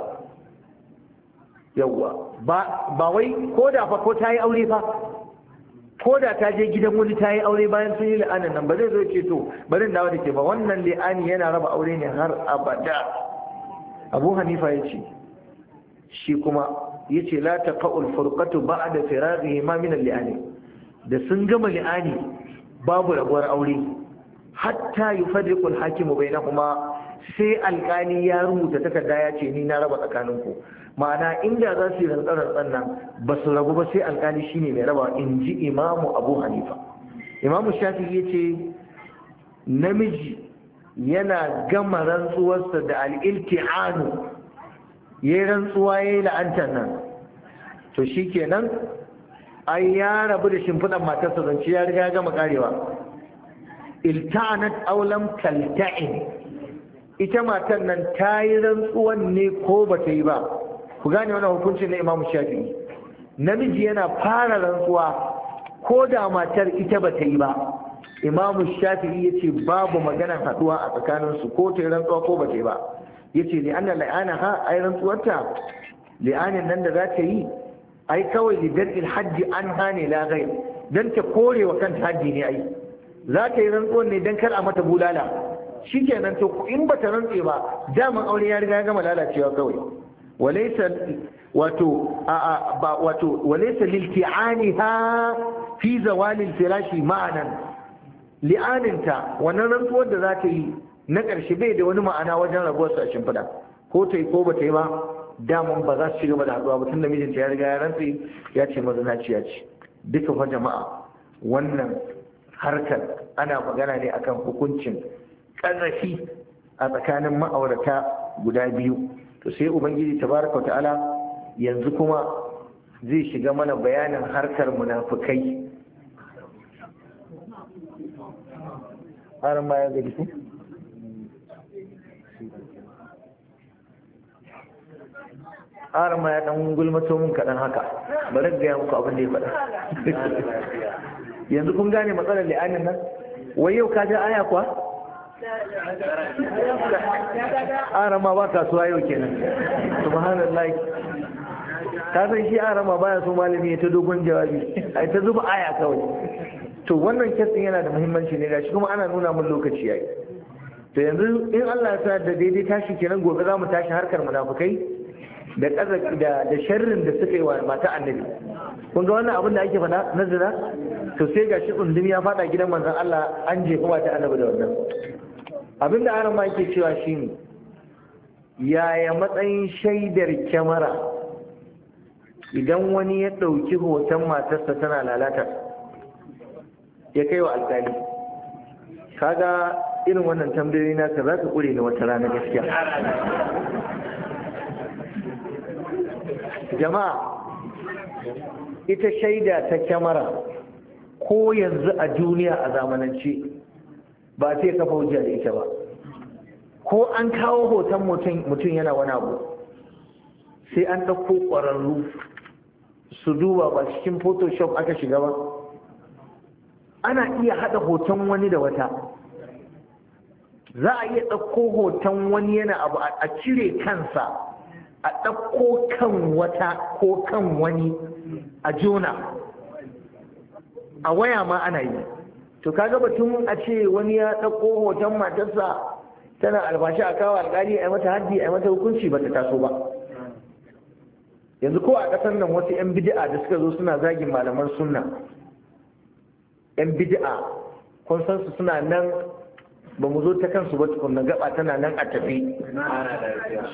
yawwa ba wai ko da fa ko ta yi aure fa ko da ta je gidan wani ta yi aure bayan sun yi la'anan nan ba zai zo ce to bari dawo da ke ba wannan la'ani yana raba aure ne har abada abu hanifa ya ce shi kuma ya ce la ta ka'ul a da ma min la'ani da sun gama la'ani babu rabuwar aure hatta yufarriqu al-hakimu kuma. sai alkali ya rubuta takarda ya ce ni na raba tsakanin ku ma'ana inda za su yi rantsar nan ba su rabu ba sai alkali shine mai raba in ji imamu abu hanifa imamu shafi ya ce namiji yana gama rantsuwarsa da al'iltihanu ya yi rantsuwa ya yi la'antar nan to shi kenan ai ya rabu da shimfiɗan matarsa zance ya riga gama karewa iltanat aulam kalta'in ita matan nan ta yi rantsuwan ne ko ba ta yi ba ku gane wani hukuncin na imamu shafi'i namiji yana fara rantsuwa ko da matar ita ba ta yi ba imamu shafi'i ya ce babu maganar haɗuwa a tsakaninsu ko ta yi rantsuwa ko ba ta yi ba ya ce li'anar la'ana ha ai rantsuwarta li'anin nan da za ta yi ai kawai lidar hajji an hane lagayi don ta kore wa kanta hajji ne ai za ta yi rantsuwan ne don kar a mata bulala ke nan to in bata rantse ba daman aure ya riga ya gama lalacewa kawai walaysa wato ba wato walaysa lilti'aniha fi zawalil firashi ma'anan li'aninta wannan rantsuwar da za ta yi na ƙarshe bai da wani ma'ana wajen rabuwar a shimfiɗa ko ta yi ko ba ta yi ba daman ba za su ci gaba da haɗuwa ba tun mijinta ya riga ya rantse ya ce ya ce duka fa jama'a wannan harkar ana magana ne akan hukuncin ƙarrafi a tsakanin ma'aurata guda biyu to sai ubangiji tabaraka ta'ala yanzu kuma zai shiga mana bayanin harkar munafukai harin baya ga su harin baya dan gulmato mun kaɗan haka bari gaya muku abin da ya faɗa yanzu kun gane matsalar li'anin nan wai yau ka ja aya kuwa arama ba kasuwa yau kenan subhanallah ta san shi arama baya so malami ya ta dogon jawabi ai ta zuba aya kawai to wannan kesin yana da muhimmanci ne gashi kuma ana nuna mun lokaci yayi to yanzu in Allah ya sa da daidai tashi kenan gobe za mu tashi harkar munafukai da da da sharrin da suka yi wa mata annabi kun ga wannan abin da ake faɗa na zina to sai gashi tsundum ya faɗa gidan manzon Allah an je kuma ta annabi da wannan abinda ana ma ke cewa shi ne, yaya matsayin shaidar kyamara idan wani ya ɗauki hoton matarsa tana lalata ya kai wa alkali kaga irin wannan tambayoyi na ka za ka ƙure ni wata rana gaskiya jama'a ita shaida ta kyamara ko yanzu a duniya a zamanance ba sai kafa hujja da ita ba ko an kawo hoton mutum yana wani abu sai an ɗauko ƙwararru su duba ba cikin photoshop aka shiga ba ana iya haɗa hoton wani da wata za a iya ɗauko hoton wani yana abu a cire kansa a ɗauko kan wata ko kan wani a jona a waya ma ana yi to kaga batun a ce wani ya ɗauko hoton matarsa tana albashi a kawo alƙali a mata haddi a mata hukunci ba ta taso ba yanzu ko a ƙasar nan wasu 'yan bid'a da suka zo suna zagin malaman sunna 'yan bid'a kun san suna nan ba mu zo ta kansu ba tukunna gaba tana nan a tafi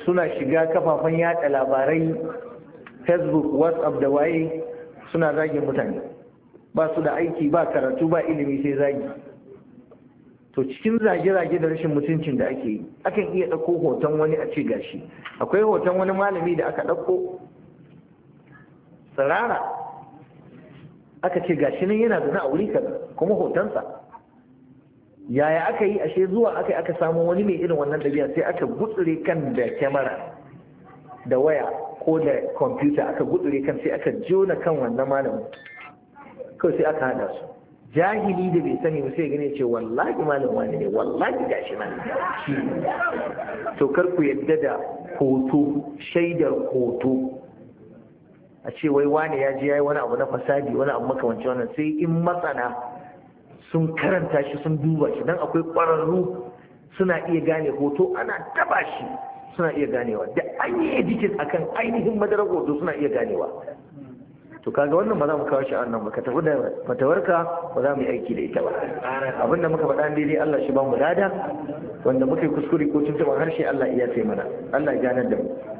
suna shiga kafafen yada labarai facebook whatsapp da waye suna zagin mutane ba su da aiki ba karatu ba ilimi sai zagi to cikin zage-zage da rashin mutuncin da ake yi akan iya ɗauko hoton wani a ce gashi akwai hoton wani malami da aka ɗauko tsirara aka ce gashi nan yana da na wuri kaza kuma hotonsa yaya aka yi ashe zuwa aka aka samu wani mai irin wannan ɗabi'a sai aka gutsure kan da kyamara da waya ko da kwamfuta aka gutsure kan sai aka jona kan wannan malamin kawai sai aka hada su jahili da bai sani ba sai gane ce wallahi malam wani ne wallahi gashi nan shi to kar ku yadda da hoto shaidar hoto a ce wai wani ya je yayi wani abu na fasadi wani abu makamanci wannan sai in matsana sun karanta shi sun duba shi dan akwai ƙwararru suna iya gane hoto ana taba shi suna iya ganewa da an yi akan ainihin madarar hoto suna iya ganewa to kaga wannan ba za mu kawo shi nan ba ka tafi da matawarka ba za mu yi aiki da ita ba abinda muka faɗa daidai Allah shi ba mu dada wanda muka yi kuskure ko tuntuɓar harshe Allah iya sai mana Allah ya ganar da mu